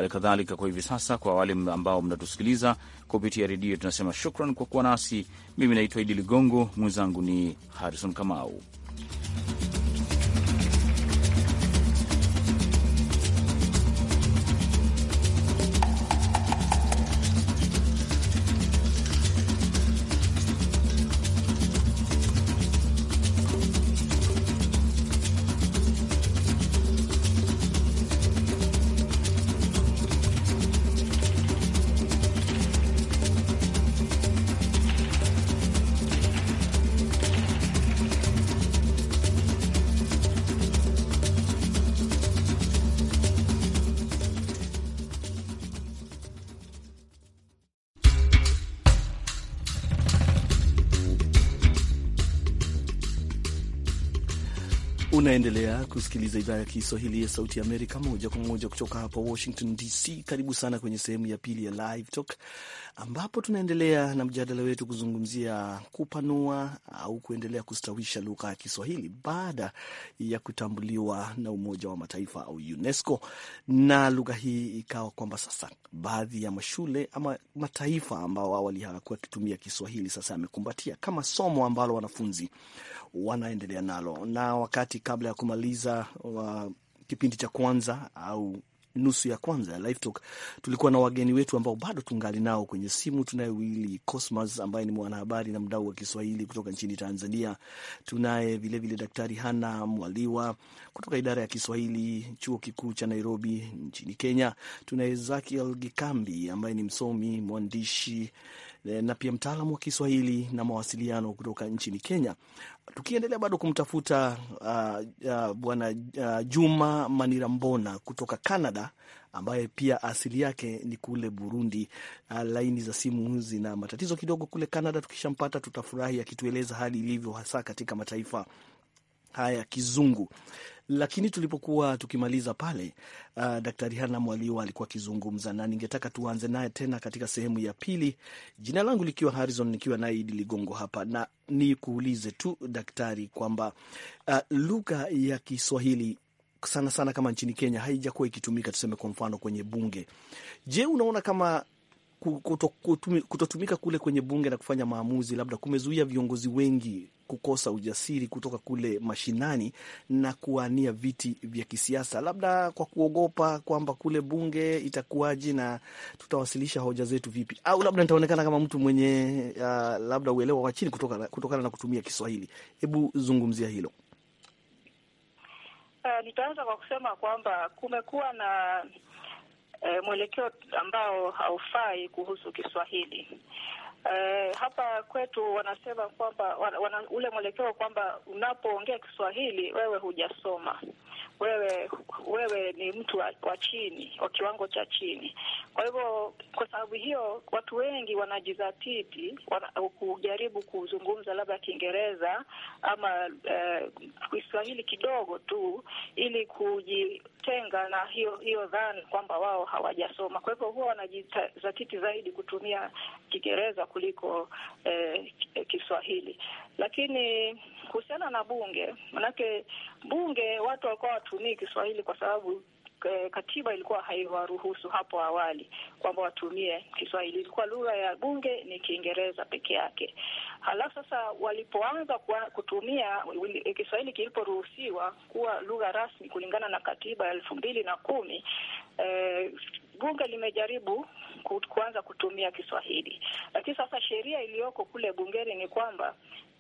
kadhalika kwa hivi sasa, kwa wale ambao mnatusikiliza kupitia redio, tunasema shukran kwa kuwa nasi. Mimi naitwa Idi Ligongo, mwenzangu ni Harrison Kamau. Unaendelea kusikiliza idhaa ya Kiswahili ya Sauti Amerika moja kwa moja kutoka hapa Washington DC. Karibu sana kwenye sehemu ya pili ya Live Talk, ambapo tunaendelea na mjadala wetu kuzungumzia kupanua au kuendelea kustawisha lugha ya Kiswahili baada ya kutambuliwa na Umoja wa Mataifa au UNESCO, na lugha hii ikawa kwamba sasa baadhi ya mashule ama mataifa ambao awali hawakuwa akitumia Kiswahili sasa yamekumbatia kama somo ambalo wanafunzi wanaendelea nalo. Na wakati kabla ya kumaliza wa uh, kipindi cha kwanza au nusu ya kwanza ya Live Talk tulikuwa na wageni wetu ambao bado tungali nao kwenye simu. Tunaye wili Cosmas ambaye ni mwanahabari na mdau wa Kiswahili kutoka nchini Tanzania. Tunaye vilevile Daktari Hana Mwaliwa kutoka idara ya Kiswahili chuo kikuu cha Nairobi nchini Kenya. Tunaye zakiel gikambi ambaye ni msomi mwandishi Eh, na pia mtaalamu wa Kiswahili na mawasiliano kutoka nchini Kenya. Tukiendelea bado kumtafuta uh, uh, bwana uh, Juma Manirambona kutoka Canada ambaye pia asili yake ni kule Burundi. Uh, laini za simu zina matatizo kidogo kule Canada. Tukishampata tutafurahi akitueleza hali ilivyo hasa katika mataifa haya kizungu. Lakini tulipokuwa tukimaliza pale, uh, Daktari Hana Mwaliwa alikuwa akizungumza, na ningetaka tuanze naye tena katika sehemu ya pili, jina langu likiwa Harrison, nikiwa naye Idi Ligongo hapa, na ni kuulize tu daktari kwamba uh, lugha ya Kiswahili sana sana kama nchini Kenya haijakuwa ikitumika, tuseme kwa mfano kwenye bunge. Je, unaona kama kutotumika kule kwenye bunge na kufanya maamuzi labda kumezuia viongozi wengi kukosa ujasiri kutoka kule mashinani na kuwania viti vya kisiasa, labda kwa kuogopa kwamba kule bunge itakuwaje na tutawasilisha hoja zetu vipi, au labda nitaonekana kama mtu mwenye uh, labda uelewa wa chini kutokana kutoka na kutumia Kiswahili. Hebu zungumzia hilo. Uh, nitaanza kwa kusema kwamba kumekuwa na uh, mwelekeo ambao haufai kuhusu Kiswahili Uh, hapa kwetu wanasema kwamba wana, ule mwelekeo kwamba unapoongea Kiswahili wewe hujasoma, wewe wewe ni mtu wa, wa chini wa kiwango cha chini. Kwa hivyo kwa sababu hiyo watu wengi wanajizatiti wana, kujaribu kuzungumza labda Kiingereza ama uh, Kiswahili kidogo tu ili kujitenga na hiyo hiyo dhana kwamba wao hawajasoma. Kwa hivyo huwa wanajizatiti zaidi kutumia Kiingereza kuliko eh, Kiswahili. Lakini kuhusiana na bunge, manake bunge watu walikuwa watumii Kiswahili kwa sababu eh, katiba ilikuwa haiwaruhusu hapo awali kwamba watumie Kiswahili. Ilikuwa lugha ya bunge ni Kiingereza peke yake. Halafu sasa walipoanza kutumia Kiswahili kiliporuhusiwa kuwa lugha rasmi kulingana na katiba ya elfu mbili na kumi eh, bunge limejaribu kuanza kutumia Kiswahili, lakini sasa sheria iliyoko kule bungeni ni kwamba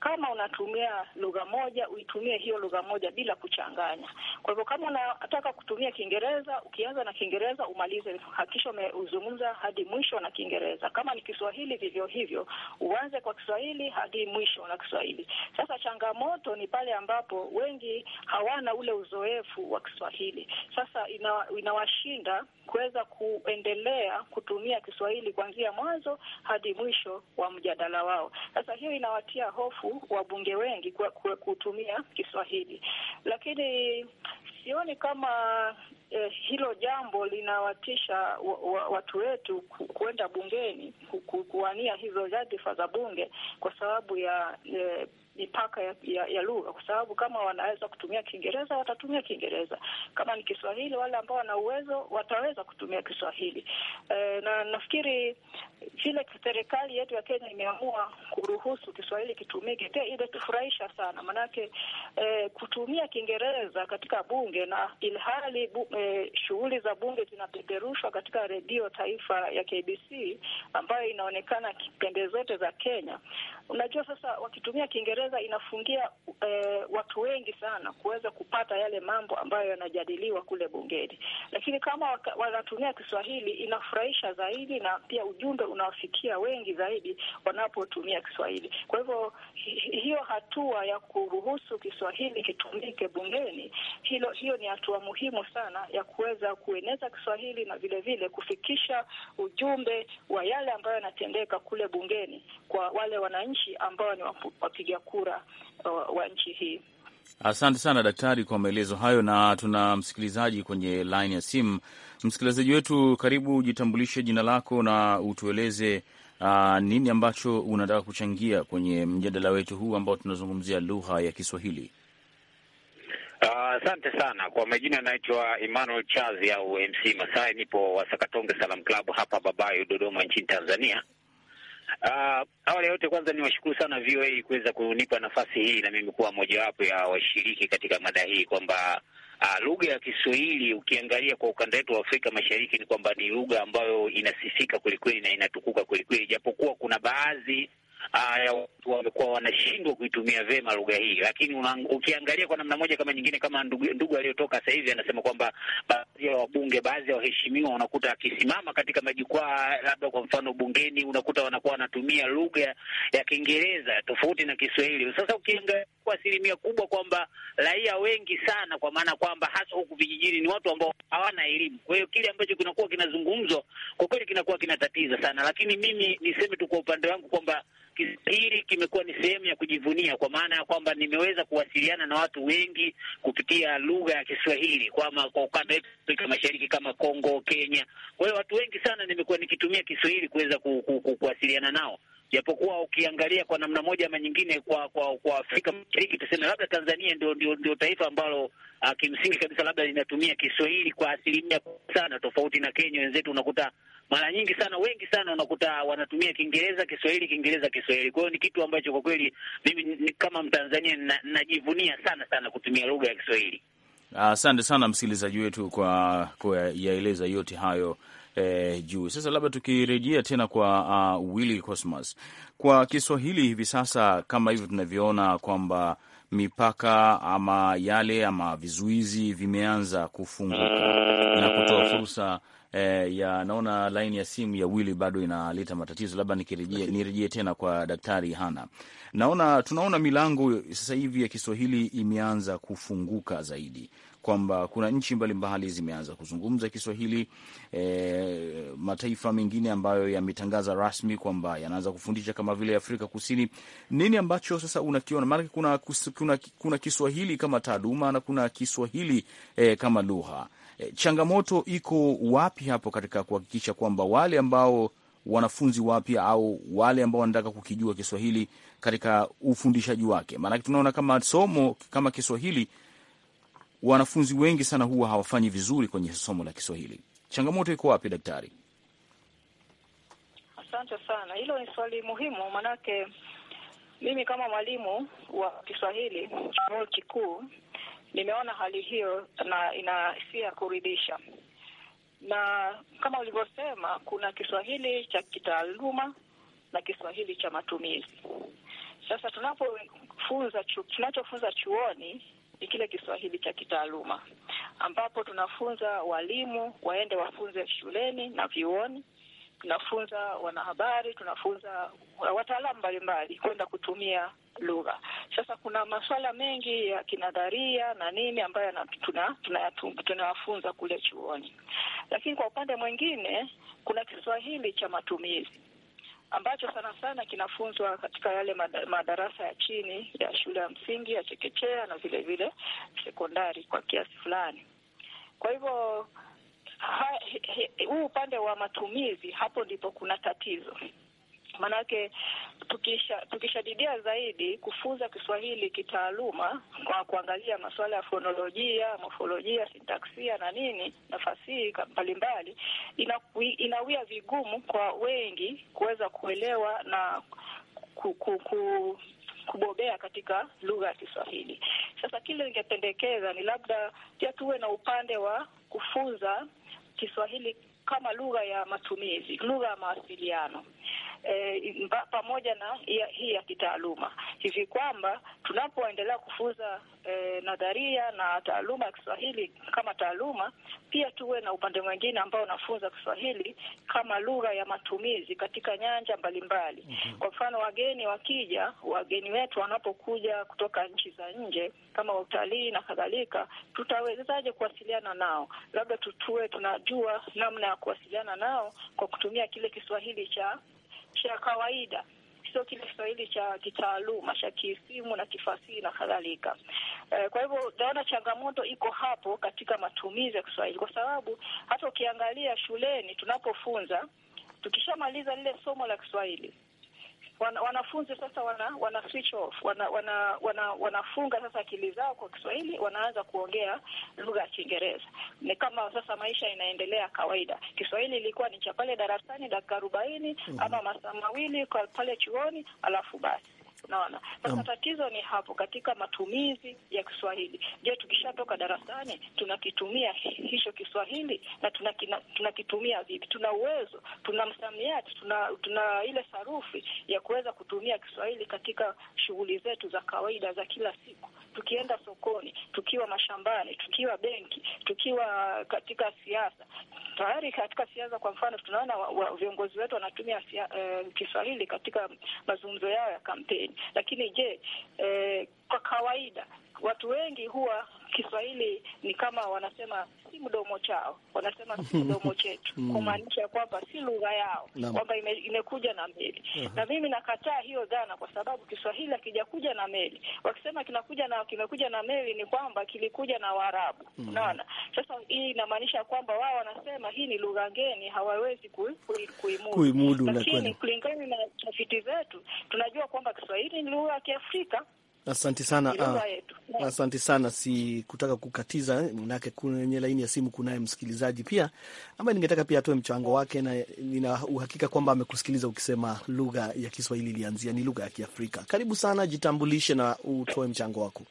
kama unatumia lugha moja uitumie hiyo lugha moja bila kuchanganya. Kwa hivyo kama unataka kutumia Kiingereza, ukianza na Kiingereza umalize, hakisha umeuzungumza hadi mwisho na Kiingereza. Kama ni Kiswahili, vivyo hivyo, uanze kwa Kiswahili hadi mwisho na Kiswahili. Sasa changamoto ni pale ambapo wengi hawana ule uzoefu wa Kiswahili. Sasa ina, inawashinda kuweza kuendelea kutumia Kiswahili kuanzia mwanzo hadi mwisho wa mjadala wao. Sasa hiyo inawatia hofu wabunge wengi kwa, kwa kutumia Kiswahili, lakini sioni kama eh, hilo jambo linawatisha watu wetu kuenda bungeni kuwania hizo nyadhifa za bunge kwa sababu ya eh, mipaka ya, ya, ya lugha, kwa sababu kama wanaweza kutumia Kiingereza watatumia Kiingereza, kama ni Kiswahili wale ambao wana uwezo wataweza kutumia Kiswahili. E, na nafikiri vile serikali yetu ya Kenya imeamua kuruhusu Kiswahili kitumike pia imetufurahisha sana, maanake e, kutumia Kiingereza katika bunge na ilhali bu, e, shughuli za bunge zinapeperushwa katika redio taifa ya KBC ambayo inaonekana pembe zote za Kenya. Unajua sasa wakitumia Kiingereza Uingereza inafungia eh, watu wengi sana kuweza kupata yale mambo ambayo yanajadiliwa kule bungeni, lakini kama wanatumia Kiswahili inafurahisha zaidi, na pia ujumbe unawafikia wengi zaidi wanapotumia Kiswahili. Kwa hivyo hiyo hatua ya kuruhusu Kiswahili kitumike bungeni, hilo hiyo ni hatua muhimu sana ya kuweza kueneza Kiswahili na vile vile kufikisha ujumbe wa yale ambayo yanatendeka kule bungeni kwa wale wananchi ambao ni wapiga kura kura uh, wa nchi hii. Asante sana daktari kwa maelezo hayo, na tuna msikilizaji kwenye laini ya simu. Msikilizaji wetu, karibu, ujitambulishe jina lako na utueleze uh, nini ambacho unataka kuchangia kwenye mjadala wetu huu ambao tunazungumzia lugha ya Kiswahili. Asante uh, sana kwa majina, anaitwa Emmanuel Chazi au MC Masai, nipo Wasakatonge Salam Club hapa Babayo, Dodoma nchini Tanzania. Uh, awali yote kwanza niwashukuru sana VOA kuweza kunipa nafasi hii na mimi kuwa mojawapo ya washiriki katika mada hii kwamba uh, lugha ya Kiswahili ukiangalia kwa ukanda wetu wa Afrika Mashariki ni kwamba ni lugha ambayo inasifika kwelikweli na inatukuka kwelikweli, japokuwa kuna baadhi Ah, ya watu wamekuwa wanashindwa kuitumia vema lugha hii, lakini ukiangalia kwa namna moja kama nyingine, kama ndugu, ndugu aliyotoka sasa hivi anasema kwamba baadhi ya wabunge, baadhi ya waheshimiwa unakuta akisimama katika majukwaa, labda kwa mfano bungeni, unakuta wanakuwa wanatumia lugha ya Kiingereza tofauti na Kiswahili. Sasa ukiangalia kwa asilimia kubwa kwamba raia wengi sana, kwa maana kwamba hasa huku vijijini ni watu ambao hawana elimu, kwa hiyo kile ambacho kinakuwa kinazungumzwa kwa kweli kinakuwa kinatatiza sana, lakini mimi niseme tu kwa upande wangu kwamba hili kimekuwa ni sehemu ya kujivunia, kwa maana ya kwamba nimeweza kuwasiliana na watu wengi kupitia lugha ya Kiswahili kwa ukanda wetu Afrika Mashariki kama Kongo, Kenya. Kwa hiyo watu wengi sana nimekuwa nikitumia Kiswahili kuweza ku, ku, ku, kuwasiliana nao japokuwa ukiangalia kwa namna moja ama nyingine kwa kwa kwa Afrika Mashariki tuseme labda Tanzania ndio ndio, ndio taifa ambalo uh, kimsingi kabisa labda linatumia Kiswahili kwa asilimia sana, tofauti na Kenya wenzetu unakuta mara nyingi sana, wengi sana unakuta wanatumia Kiingereza, Kiswahili, Kiingereza, Kiswahili. Kwa hiyo ni kitu ambacho kwa kweli mimi kama Mtanzania najivunia na sana sana kutumia lugha ya Kiswahili. Asante uh, sana msikilizaji wetu kwa kuyaeleza yote hayo eh, juu. Sasa labda tukirejea tena kwa uh, Willy Cosmas kwa Kiswahili hivi sasa, kama hivyo tunavyoona kwamba mipaka ama yale ama vizuizi vimeanza kufunguka na kutoa fursa eh, ya naona laini ya simu ya Willy bado inaleta matatizo, labda nikirejea nirejee tena kwa Daktari Hana. Naona tunaona milango sasa hivi ya Kiswahili imeanza kufunguka zaidi kwamba kuna nchi mbalimbali zimeanza kuzungumza Kiswahili. E, mataifa mengine ambayo yametangaza rasmi kwamba yanaanza kufundisha kama vile Afrika Kusini. Nini ambacho sasa unakiona? Maanake kuna, kuna, kuna Kiswahili kama taaluma na kuna Kiswahili e, kama lugha. Eh, changamoto iko wapi hapo katika kuhakikisha kwamba wale ambao wanafunzi wapya au wale ambao wanataka kukijua Kiswahili katika ufundishaji wake? Maanake tunaona kama somo kama Kiswahili, wanafunzi wengi sana huwa hawafanyi vizuri kwenye somo la Kiswahili. Changamoto iko wapi, daktari? Asante sana, hilo ni swali muhimu, maanake mimi kama mwalimu wa Kiswahili chuo kikuu nimeona hali hiyo na ina si ya kuridhisha, na kama ulivyosema, kuna Kiswahili cha kitaaluma na Kiswahili cha matumizi. Sasa tunapofunza chu, tunachofunza chuoni ni kile Kiswahili cha kitaaluma ambapo tunafunza walimu waende wafunze shuleni na vyuoni tunafunza wanahabari, tunafunza wataalamu mbalimbali kwenda kutumia lugha. Sasa kuna masuala mengi ya kinadharia na nini ambayo tunawafunza tuna, tuna kule chuoni, lakini kwa upande mwingine kuna Kiswahili cha matumizi ambacho sana sana kinafunzwa katika yale madarasa ya chini ya shule ya msingi ya chekechea na vile vile sekondari kwa kiasi fulani. Kwa hivyo huu upande wa matumizi, hapo ndipo kuna tatizo. Maanake tukisha tukishadidia zaidi kufunza Kiswahili kitaaluma kwa kuangalia masuala ya fonolojia, mofolojia, sintaksia na nini na fasihi mbalimbali, inawia vigumu kwa wengi kuweza kuelewa na ku, ku, ku, kubobea katika lugha ya Kiswahili. Sasa kile ningependekeza ni labda pia tuwe na upande wa kufunza Kiswahili kama lugha ya matumizi, lugha ya mawasiliano e, pamoja na hii ya kitaaluma, hivi kwamba tunapoendelea kufuza e, nadharia na taaluma ya Kiswahili kama taaluma, pia tuwe na upande mwingine ambao unafunza Kiswahili kama lugha ya matumizi katika nyanja mbalimbali. mm -hmm. Kwa mfano, wageni wakija, wageni wetu wanapokuja kutoka nchi za nje kama utalii na kadhalika, tutawezaje kuwasiliana nao? Labda tutue tunajua namna ya kuwasiliana nao kwa kutumia kile Kiswahili cha cha kawaida sio kile Kiswahili cha kitaaluma cha kisimu na kifasihi na kadhalika. E, kwa hivyo naona changamoto iko hapo katika matumizi ya Kiswahili, kwa sababu hata ukiangalia shuleni tunapofunza, tukishamaliza lile somo la Kiswahili wana, wanafunzi sasa wana, wana switch off wana, wana, wana, wanafunga sasa akili zao kwa Kiswahili, wanaanza kuongea lugha ya Kiingereza. Ni kama sasa maisha inaendelea kawaida. Kiswahili ilikuwa ni cha pale darasani dakika arobaini mm -hmm. ama masaa mawili kwa pale chuoni, alafu basi Unaona, sasa tatizo ni hapo katika matumizi ya Kiswahili. Je, tukishatoka darasani tunakitumia hicho Kiswahili na tunakitumia tuna vipi? Tuna uwezo, tuna msamiati, tuna, tuna ile sarufi ya kuweza kutumia Kiswahili katika shughuli zetu za kawaida za kila siku, tukienda sokoni, tukiwa mashambani, tukiwa benki, tukiwa katika siasa. Tayari katika siasa, kwa mfano, tunaona viongozi wetu wanatumia eh, Kiswahili katika mazungumzo yao ya kampeni lakini je, eh, kwa kawaida watu wengi huwa Kiswahili ni kama wanasema si mdomo chao, wanasema si mdomo chetu, hmm. kumaanisha kwamba si lugha yao, kwamba ime, imekuja na meli uh -huh. Na mimi nakataa hiyo dhana, kwa sababu Kiswahili hakijakuja na meli. Wakisema kinakuja na kimekuja na meli, ni kwamba kilikuja na Waarabu hmm. uh -huh. sasa hii inamaanisha kwamba wao wanasema hii ni lugha ngeni, hawawezi kuimudu, lakini kulingana na tafiti zetu tunajua kwamba Kiswahili ni lugha ya Kiafrika Asante sana ah, asante sana, si kutaka kukatiza, eh, manake kwenye laini ya simu kunaye msikilizaji pia ambaye ningetaka pia atoe mchango wake, na nina uhakika kwamba amekusikiliza ukisema lugha ya Kiswahili ilianzia ni lugha ya Kiafrika. Karibu sana, jitambulishe na utoe mchango wako.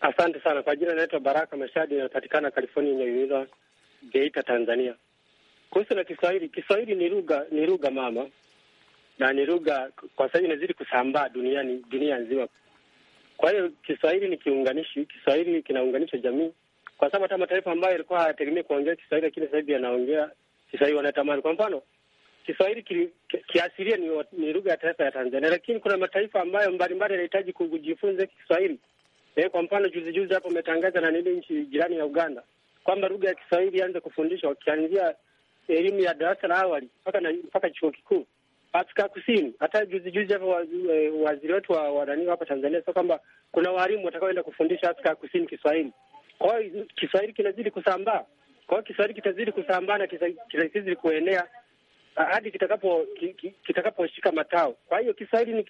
Asante sana kwa jina, naitwa Baraka Mashadi, inapatikana California, Nyauyila, Geita, Tanzania. Kuhusu na Kiswahili, Kiswahili ni lugha ni lugha mama na ni lugha kwa sasa inazidi kusambaa duniani dunia nzima kwa hiyo Kiswahili ni kiunganishi, Kiswahili kinaunganisha jamii, kwa sababu hata mataifa ambayo yalikuwa hayategemei kuongea Kiswahili lakini sasa hivi yanaongea Kiswahili, wanatamani. Kwa mfano Kiswahili ki, ki, ni, ni lugha ya taifa ya Tanzania, lakini kuna mataifa ambayo mbalimbali yanahitaji kujifunza Kiswahili. E, kwa mfano juzi juzi hapo umetangaza na nini nchi jirani ya Uganda kwamba lugha ya Kiswahili ianze kufundishwa wakianzia elimu ya darasa la awali mpaka mpaka chuo kikuu. Afrika Kusini. Hata juzi juzi hapo eh, waziri wetu wa wanani hapa Tanzania sio kwamba kuna walimu watakaoenda kufundisha Afrika ya Kusini Kiswahili. Kwa hiyo Kiswahili kinazidi kusambaa, kwa hiyo Kiswahili kitazidi kusambaa na kitazidi kuenea ah, hadi kitakapo kitakaposhika matao. Kwa hiyo Kiswahili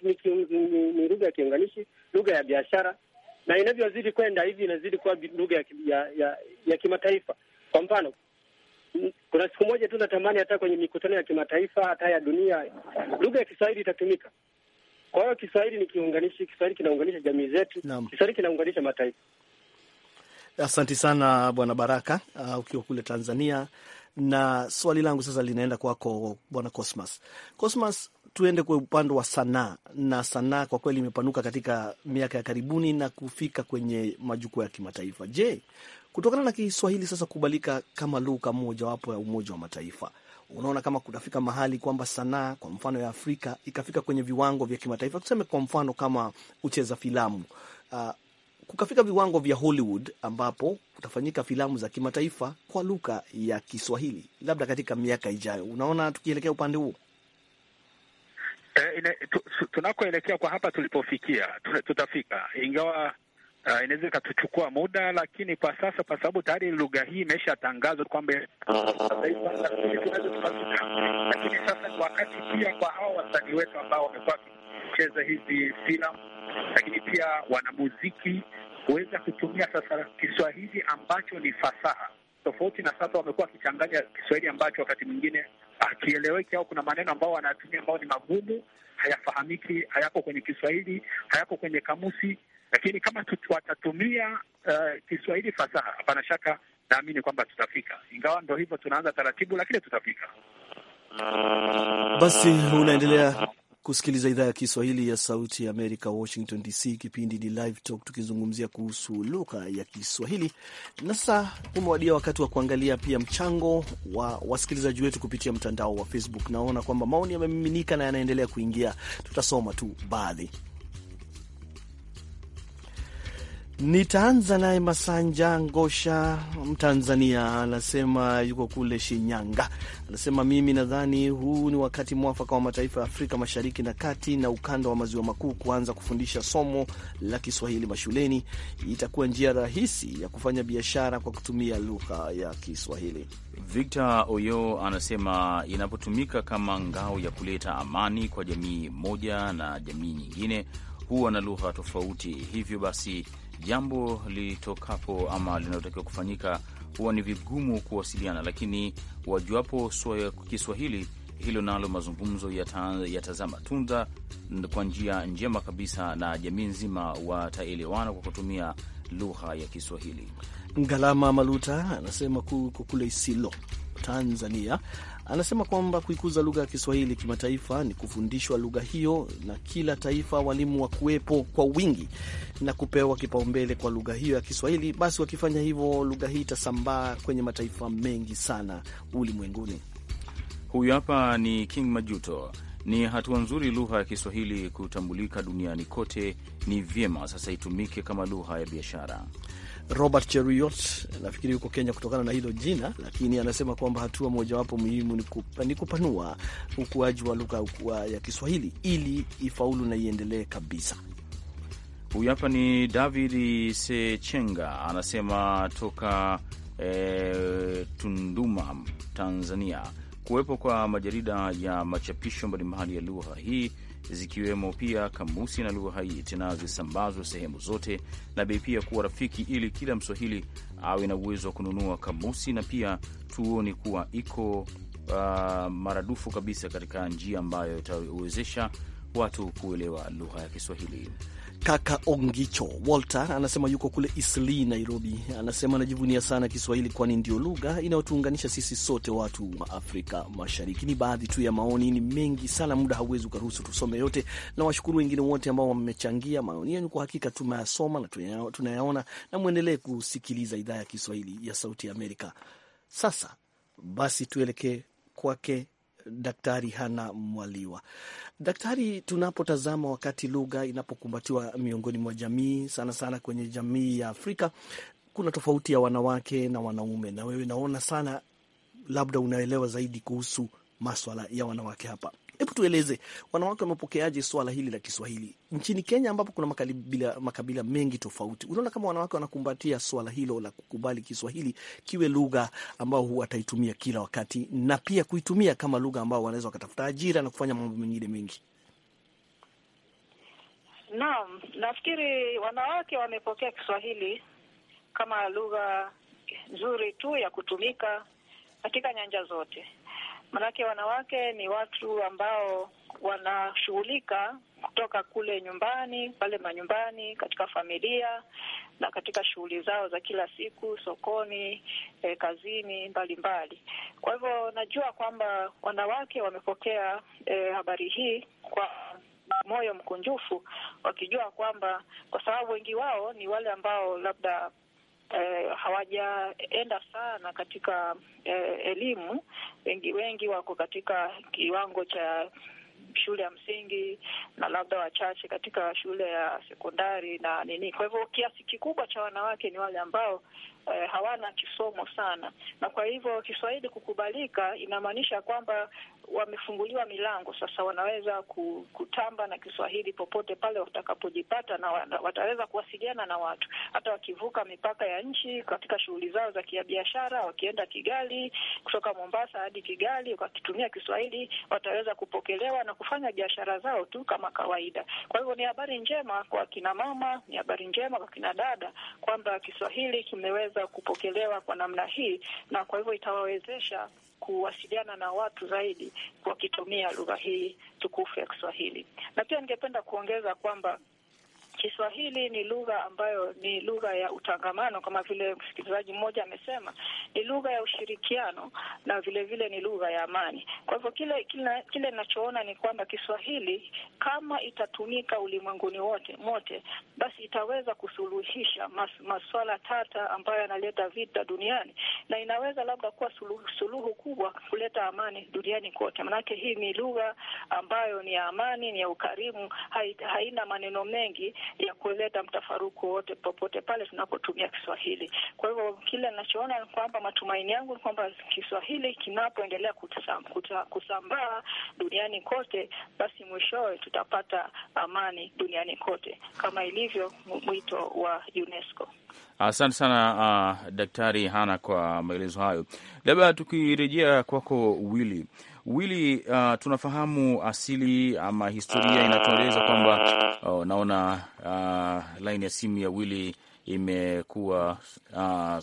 ni lugha ya kiunganishi, lugha ya biashara, na inavyozidi kwenda hivi inazidi kuwa lugha ya, ya, ya, ya kimataifa. Kwa mfano kuna siku moja tu natamani hata kwenye mikutano ya kimataifa hata ya dunia lugha ya Kiswahili itatumika. Kwa hiyo Kiswahili ni kiunganishi, Kiswahili kinaunganisha jamii zetu, Kiswahili kinaunganisha mataifa. Asante sana Bwana Baraka, uh, ukiwa kule Tanzania. Na swali langu sasa linaenda kwako Bwana Cosmas. Cosmas, tuende kwa upande wa sanaa, na sanaa kwa kweli imepanuka katika miaka ya karibuni na kufika kwenye majukwaa ya kimataifa. Je, kutokana na Kiswahili sasa kukubalika kama lugha mojawapo ya Umoja wa Mataifa, unaona kama kutafika mahali kwamba sanaa kwa mfano ya Afrika ikafika kwenye viwango vya kimataifa, tuseme kwa mfano kama ucheza filamu uh, kukafika viwango vya Hollywood ambapo kutafanyika filamu za kimataifa kwa lugha ya Kiswahili labda katika miaka ijayo, unaona tukielekea upande huo e, tunakoelekea kwa hapa tulipofikia, tutafika ingawa uh, inaweza ikatuchukua muda, lakini kwa sasa, kwa sababu tayari lugha hii tangazwa kwamba lakini sasa wakati pia kwa hawa wasanii wetu ambao wamekuwa wakicheza hizi filamu, lakini pia wanamuziki kuweza kutumia sasa Kiswahili ambacho ni fasaha tofauti na sasa, wamekuwa wakichanganya Kiswahili ambacho wakati mwingine akieleweki au kuna maneno ambao wanatumia ambao ni magumu, hayafahamiki, hayako kwenye Kiswahili, hayako kwenye kamusi lakini kama watatumia uh, eh, Kiswahili fasaha, hapana shaka, naamini kwamba tutafika, ingawa ndo hivyo tunaanza taratibu, lakini tutafika. Basi unaendelea kusikiliza idhaa ya Kiswahili ya Sauti ya Amerika, Washington DC. Kipindi ni Live Talk, tukizungumzia kuhusu lugha ya Kiswahili. na Sasa umewadia wakati wa kuangalia pia mchango wa wasikilizaji wetu kupitia mtandao wa Facebook. Naona kwamba maoni yamemiminika na yanaendelea kuingia, tutasoma tu baadhi. Nitaanza naye Masanja Ngosha, Mtanzania, anasema yuko kule Shinyanga. Anasema mimi nadhani huu ni wakati mwafaka wa mataifa ya Afrika Mashariki na Kati na ukanda wa Maziwa Makuu kuanza kufundisha somo la Kiswahili mashuleni. Itakuwa njia rahisi ya kufanya biashara kwa kutumia lugha ya Kiswahili. Victor Oyo anasema inapotumika kama ngao ya kuleta amani kwa jamii moja na jamii nyingine, huwa na lugha tofauti, hivyo basi jambo litokapo ama linalotakiwa kufanyika huwa ni vigumu kuwasiliana, lakini wajuapo Kiswahili hilo nalo mazungumzo yatazama tunza kwa njia njema kabisa, na jamii nzima wataelewana kwa kutumia lugha ya Kiswahili. Ngalama Maluta anasema kuko kule Isilo, Tanzania, Anasema kwamba kuikuza lugha ya Kiswahili kimataifa ni kufundishwa lugha hiyo na kila taifa, walimu wa kuwepo kwa wingi na kupewa kipaumbele kwa lugha hiyo ya Kiswahili. Basi wakifanya hivyo, lugha hii itasambaa kwenye mataifa mengi sana ulimwenguni. Huyu hapa ni King Majuto. Ni hatua nzuri lugha ya Kiswahili kutambulika duniani kote, ni vyema sasa itumike kama lugha ya biashara. Robert Cheruiyot, nafikiri yuko Kenya kutokana na hilo jina, lakini anasema kwamba hatua mojawapo muhimu ni, kupa, ni kupanua ukuaji wa lugha ya Kiswahili ili ifaulu na iendelee kabisa. Huyu hapa ni David Sechenga anasema toka e, Tunduma, Tanzania. Kuwepo kwa majarida ya machapisho mbalimbali ya lugha hii zikiwemo pia kamusi na lugha hii tena zisambazwe sehemu zote, na bei pia kuwa rafiki, ili kila Mswahili awe na uwezo wa kununua kamusi, na pia tuoni kuwa iko uh, maradufu kabisa katika njia ambayo itawezesha watu kuelewa lugha ya Kiswahili. Kaka Ongicho Walter anasema yuko kule Isli, Nairobi. Anasema anajivunia sana Kiswahili, kwani ndio lugha inayotuunganisha sisi sote watu wa Afrika Mashariki. Ni baadhi tu ya maoni, ni mengi sana, muda hauwezi ukaruhusu tusome yote, na washukuru wengine wote ambao wamechangia maoni yenu. Kwa hakika tumeyasoma na tunayaona, na mwendelee kusikiliza idhaa ya Kiswahili ya Sauti ya Amerika. Sasa basi tuelekee kwake Daktari Hana Mwaliwa. Daktari, tunapotazama wakati lugha inapokumbatiwa miongoni mwa jamii, sana sana kwenye jamii ya Afrika, kuna tofauti ya wanawake na wanaume, na wewe naona sana labda unaelewa zaidi kuhusu maswala ya wanawake hapa. Hebu tueleze wanawake wamepokeaje swala hili la Kiswahili nchini Kenya, ambapo kuna makabila, makabila mengi tofauti. Unaona kama wanawake wanakumbatia swala hilo la kukubali Kiswahili kiwe lugha ambao huwa wataitumia kila wakati, na pia kuitumia kama lugha ambao wanaweza wakatafuta ajira na kufanya mambo mengine mengi. Naam, nafikiri wanawake wamepokea Kiswahili kama lugha nzuri tu ya kutumika katika nyanja zote Manake wanawake ni watu ambao wanashughulika kutoka kule nyumbani, pale manyumbani, katika familia na katika shughuli zao za kila siku sokoni, eh, kazini mbalimbali. Kwa hivyo najua kwamba wanawake wamepokea eh, habari hii kwa moyo mkunjufu, wakijua kwamba kwa sababu wengi wao ni wale ambao labda eh, hawajaenda sana katika eh, elimu. Wengi wengi wako katika kiwango cha shule ya msingi na labda wachache katika shule ya sekondari na nini. Kwa hivyo kiasi kikubwa cha wanawake ni wale ambao eh, hawana kisomo sana, na kwa hivyo Kiswahili kukubalika inamaanisha kwamba wamefunguliwa milango sasa, wanaweza kutamba na Kiswahili popote pale watakapojipata, na wataweza kuwasiliana na watu hata wakivuka mipaka ya nchi katika shughuli zao za kibiashara. Wakienda Kigali, kutoka Mombasa hadi Kigali, wakitumia Kiswahili wataweza kupokelewa na kufanya biashara zao tu kama kawaida. Kwa hivyo ni habari njema kwa kina mama, ni habari njema kwa kina dada kwamba Kiswahili kimeweza kupokelewa kwa namna hii, na kwa hivyo itawawezesha kuwasiliana na watu zaidi wakitumia lugha hii tukufu ya Kiswahili. Na pia ningependa kuongeza kwamba Kiswahili ni lugha ambayo ni lugha ya utangamano, kama vile msikilizaji mmoja amesema, ni lugha ya ushirikiano na vile vile ni lugha ya amani. Kwa hivyo kile kile kile ninachoona ni kwamba Kiswahili kama itatumika ulimwenguni wote mote, basi itaweza kusuluhisha mas, maswala tata ambayo yanaleta vita duniani na inaweza labda kuwa suluhu, suluhu kubwa kuleta amani duniani kote, manake hii ni lugha ambayo ni ya amani, ni ya ukarimu, haina maneno mengi ya kuleta mtafaruku wote popote pale tunapotumia Kiswahili. Kwa hivyo kile ninachoona ni kwamba, matumaini yangu ni kwamba Kiswahili kinapoendelea kusambaa duniani kote, basi mwishowe tutapata amani duniani kote kama ilivyo mwito wa UNESCO. Asante sana uh, Daktari Hana kwa maelezo hayo. Labda tukirejea kwako Willy Wili, uh, tunafahamu asili ama historia inatueleza kwamba oh, naona uh, laini ya simu ya Wili imekuwa uh,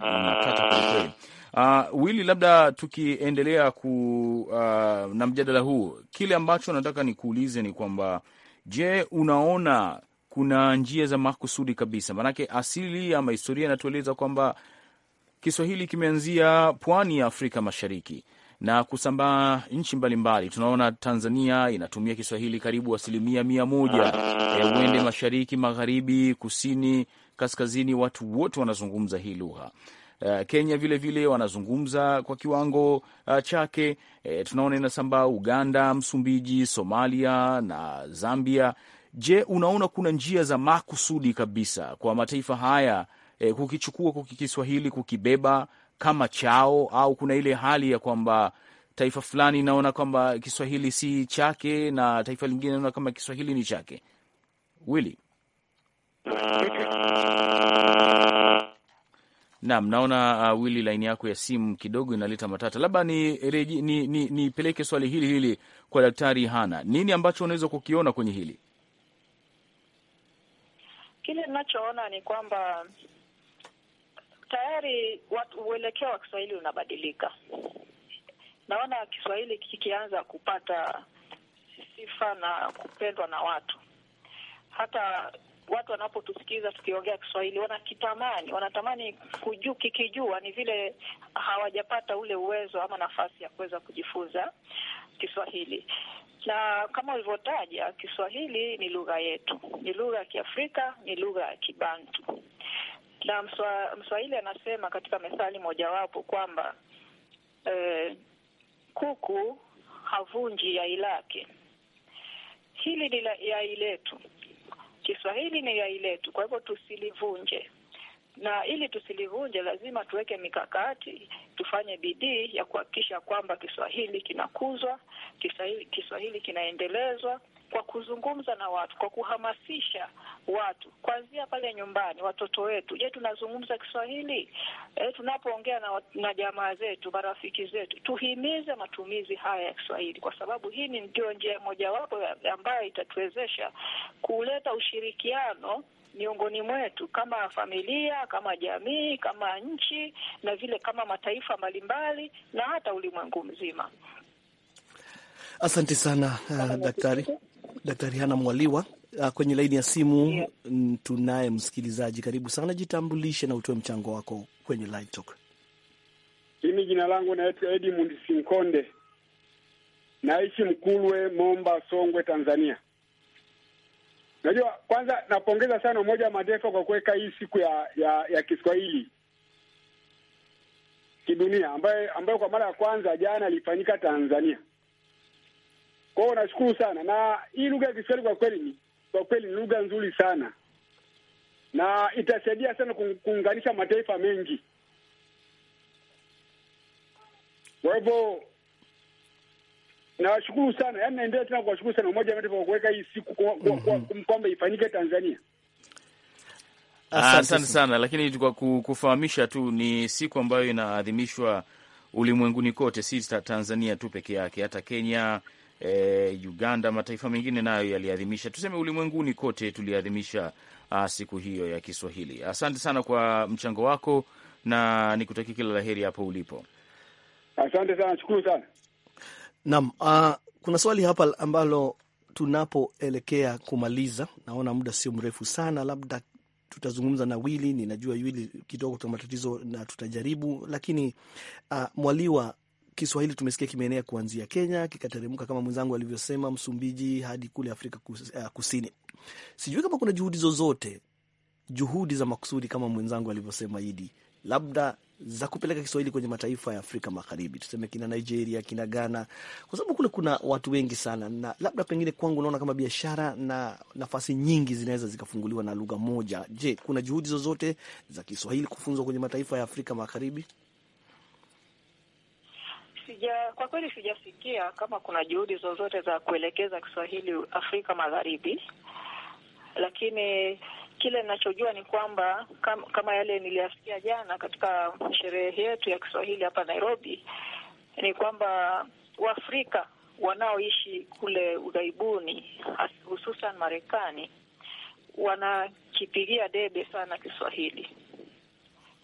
inakata uh, kwelikweli. Uh, Wili, labda tukiendelea ku, uh, na mjadala huu, kile ambacho nataka nikuulize ni kwamba je, unaona kuna njia za makusudi kabisa? Maanake asili ama historia inatueleza kwamba Kiswahili kimeanzia pwani ya Afrika Mashariki na kusambaa nchi mbalimbali. Tunaona Tanzania inatumia Kiswahili karibu asilimia mia moja, uende mashariki, magharibi, kusini, kaskazini, watu wote wanazungumza hii lugha. Eh, Kenya vilevile vile, wanazungumza kwa kiwango eh, chake. Eh, tunaona inasambaa Uganda, Msumbiji, Somalia na Zambia. Je, unaona kuna njia za makusudi kabisa kwa mataifa haya kukichukua kuki Kiswahili kukibeba kama chao, au kuna ile hali ya kwamba taifa fulani inaona kwamba Kiswahili si chake na taifa lingine inaona kama Kiswahili ni chake? Willy Nam, naona uh, Wili, laini yako ya simu kidogo inaleta matata. Labda nipeleke ni, ni, ni swali hili hili kwa Daktari Hana, nini ambacho unaweza kukiona kwenye hili? Kile ninachoona ni kwamba tayari watu uelekeo wa Kiswahili unabadilika. Naona Kiswahili kikianza kupata sifa na kupendwa na watu, hata watu wanapotusikiza tukiongea Kiswahili wanakitamani, wanatamani kujua, kikijua. Ni vile hawajapata ule uwezo ama nafasi ya kuweza kujifunza Kiswahili. Na kama ulivyotaja, Kiswahili ni lugha yetu, ni lugha ya Kiafrika, ni lugha ya Kibantu na mswa, Mswahili anasema katika methali mojawapo kwamba eh, kuku havunji yai lake. Hili ni yai letu, Kiswahili ni yai letu, kwa hivyo tusilivunje na ili tusilivunje, lazima tuweke mikakati, tufanye bidii ya kuhakikisha kwamba Kiswahili kinakuzwa, Kiswahili, Kiswahili kinaendelezwa kwa kuzungumza na watu, kwa kuhamasisha watu kuanzia pale nyumbani, watoto wetu. Je, tunazungumza Kiswahili? E, tunapoongea na, na jamaa zetu, marafiki zetu, tuhimize matumizi haya ya Kiswahili, kwa sababu hii ni ndio njia mojawapo ambayo itatuwezesha kuleta ushirikiano miongoni mwetu kama familia, kama jamii, kama nchi na vile kama mataifa mbalimbali na hata ulimwengu mzima. Asante sana uh, daktari Daktari Hana Mwaliwa. Uh, kwenye laini ya simu yeah, tunaye msikilizaji. Karibu sana, jitambulishe na utoe mchango wako kwenye Live Talk. Mimi jina langu naitwa Edmund Sinkonde, naishi Mkulwe, Momba, Songwe, Tanzania. Unajua, kwanza napongeza sana Umoja wa Mataifa kwa kuweka hii siku ya ya, ya Kiswahili kidunia ambayo ambayo kwa mara ya kwanza jana ilifanyika Tanzania. Kwa hiyo nashukuru sana, na hii lugha ya Kiswahili kwa kweli ni kwa kweli ni lugha nzuri sana na itasaidia sana kuunganisha mataifa mengi. Kwa hivyo Nawashukuru sana, yaani naendelea tena kuwashukuru sana Umoja wa Mataifa kwa kuweka hii siku mhm. kwamba ifanyike Tanzania. Asante sana, lakini kwa kufahamisha tu, ni siku ambayo inaadhimishwa ulimwenguni kote, si Tanzania tu peke yake, hata Kenya E, Uganda, mataifa mengine nayo yaliadhimisha, tuseme ulimwenguni kote tuliadhimisha a, ah, siku hiyo ya Kiswahili. Asante sana kwa mchango wako na nikutakia kila la heri hapo ulipo. Asante sana, shukuru sana. Naam, uh, kuna swali hapa ambalo tunapoelekea kumaliza, naona muda sio mrefu sana, labda tutazungumza na Wili. Ninajua Wili kidogo tuna matatizo na tutajaribu, lakini uh, Mwaliwa, Kiswahili tumesikia kimeenea kuanzia Kenya kikateremka kama mwenzangu alivyosema Msumbiji hadi kule Afrika ah, Kusini. Sijui kama kuna juhudi zozote, juhudi za makusudi kama mwenzangu alivyosema Idi, labda za kupeleka Kiswahili kwenye mataifa ya Afrika Magharibi, tuseme kina Nigeria, kina Ghana, kwa sababu kule kuna watu wengi sana, na labda pengine kwangu naona kama biashara na nafasi nyingi zinaweza zikafunguliwa na lugha moja. Je, kuna juhudi zozote za Kiswahili kufunzwa kwenye mataifa ya Afrika Magharibi? Sija, kwa kweli sijasikia kama kuna juhudi zozote za kuelekeza Kiswahili Afrika Magharibi, lakini Kile ninachojua ni kwamba kam, kama yale niliyasikia jana katika sherehe yetu ya Kiswahili hapa Nairobi, ni kwamba Waafrika wanaoishi kule ughaibuni hususan Marekani wanakipigia debe sana Kiswahili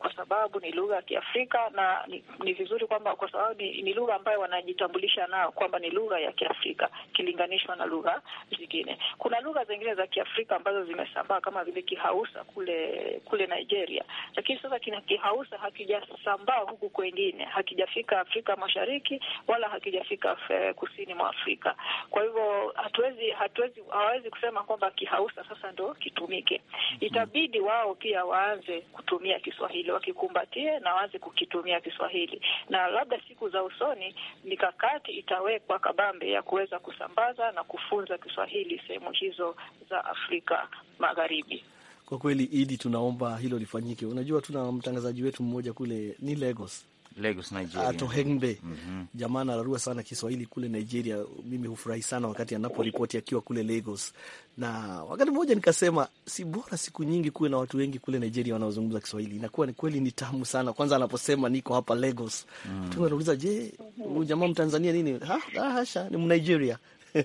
kwa sababu ni lugha ya Kiafrika na ni, ni vizuri kwamba kwa sababu ni, ni lugha ambayo wanajitambulisha nayo kwamba ni lugha ya Kiafrika kilinganishwa na lugha zingine. Kuna lugha zingine za Kiafrika ambazo zimesambaa kama vile Kihausa kule kule Nigeria, lakini sasa kina Kihausa hakijasambaa huku kwengine, hakijafika Afrika Mashariki wala hakijafika eh, kusini mwa Afrika. Kwa hivyo hatuwezi hatuwezi hawawezi kusema kwamba Kihausa sasa ndo kitumike, mhm. itabidi wao pia waanze kutumia Kiswahili wakikumbatie na waanze kukitumia Kiswahili, na labda siku za usoni mikakati itawekwa kabambe ya kuweza kusambaza na kufunza Kiswahili sehemu hizo za Afrika Magharibi. Kwa kweli, Idi, tunaomba hilo lifanyike. Unajua, tuna mtangazaji wetu mmoja kule ni Lagos Lagos, Nigeria. Atohengbe. Ah, mm -hmm. Jamaa anararua sana Kiswahili kule Nigeria. Mimi hufurahi sana wakati anaporipoti akiwa kule Lagos, na wakati mmoja nikasema si bora siku nyingi kuwe na watu wengi kule Nigeria wanaozungumza Kiswahili. Inakuwa ni kweli, ni tamu sana. Kwanza anaposema niko hapa Lagos, mm. Tunauliza je, huyu jamaa Mtanzania nini? Ha, hasha, ni Mnigeria.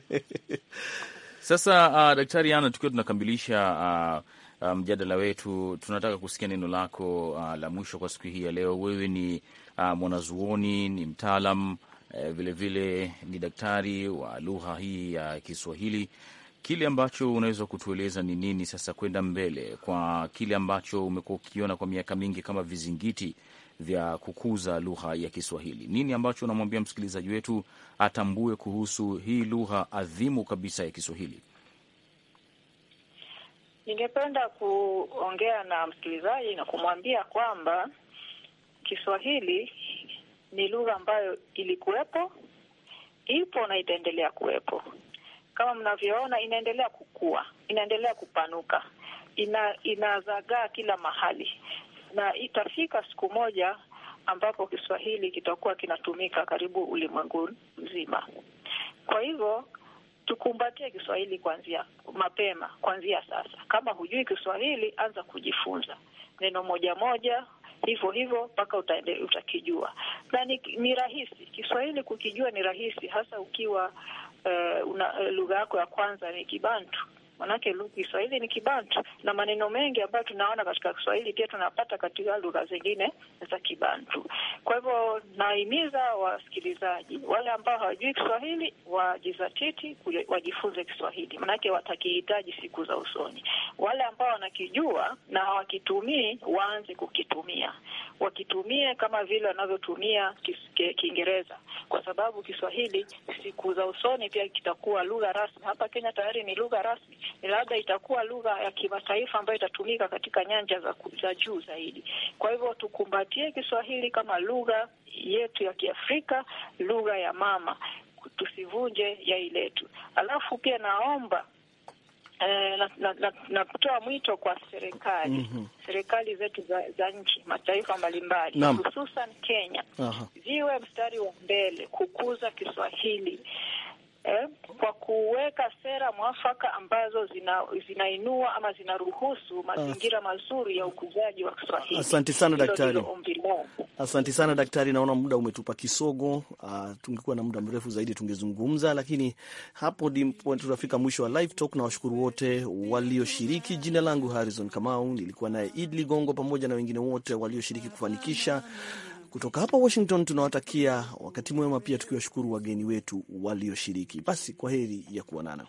Sasa uh, Daktari Ana, tukiwa tunakamilisha uh, mjadala um, wetu tunataka kusikia neno lako uh, la mwisho kwa siku hii ya leo. Wewe ni uh, mwanazuoni, ni mtaalam vilevile eh, vile ni daktari wa lugha hii ya Kiswahili. Kile ambacho unaweza kutueleza ni nini sasa kwenda mbele kwa kile ambacho umekuwa ukiona kwa miaka mingi kama vizingiti vya kukuza lugha ya Kiswahili? Nini ambacho unamwambia msikilizaji wetu atambue kuhusu hii lugha adhimu kabisa ya Kiswahili? Ningependa kuongea na msikilizaji na kumwambia kwamba Kiswahili ni lugha ambayo ilikuwepo, ipo na itaendelea kuwepo. Kama mnavyoona, inaendelea kukua, inaendelea kupanuka, ina inazagaa kila mahali, na itafika siku moja ambapo Kiswahili kitakuwa kinatumika karibu ulimwengu mzima. Kwa hivyo tukumbatie Kiswahili kuanzia mapema, kuanzia sasa. Kama hujui Kiswahili, anza kujifunza neno moja moja, hivyo hivyo mpaka utakijua. Na ni, ni rahisi Kiswahili kukijua ni rahisi, hasa ukiwa uh, una eh, lugha yako ya kwanza ni Kibantu. Maanake Kiswahili ni Kibantu na maneno mengi ambayo tunaona katika Kiswahili pia tunapata katika lugha zingine za Kibantu. Kwa hivyo nahimiza wasikilizaji wale ambao hawajui Kiswahili wajizatiti, wajifunze Kiswahili, maanake watakihitaji siku za usoni. Wale ambao wanakijua na hawakitumii waanze kukitumia, wakitumie kama vile wanavyotumia Kiingereza, kwa sababu Kiswahili siku za usoni pia kitakuwa lugha rasmi hapa Kenya. Tayari ni lugha rasmi Eh, labda itakuwa lugha ya kimataifa ambayo itatumika katika nyanja za, za juu zaidi. Kwa hivyo tukumbatie Kiswahili kama lugha yetu ya Kiafrika, lugha ya mama, tusivunje yai letu. Alafu pia naomba eh, na, na, na, na kutoa mwito kwa serikali mm -hmm. Serikali zetu za, za nchi mataifa mbalimbali hususan Kenya Aha. ziwe mstari wa mbele kukuza Kiswahili eh, kwa kuweka sera mwafaka ambazo zina, zinainua ama zinaruhusu mazingira mazuri ya ukuzaji wa Kiswahili. Asante sana daktari, asante sana daktari. Naona muda umetupa kisogo. Uh, tungekuwa na muda mrefu zaidi tungezungumza, lakini hapo ndipo tunafika mwisho wa live talk, na washukuru wote walioshiriki. Jina langu Harrison Kamau, nilikuwa naye Idli Gongo pamoja na wengine wote walioshiriki kufanikisha kutoka hapa Washington tunawatakia wakati mwema, pia tukiwashukuru wageni wetu walioshiriki. Basi kwa heri ya kuonana.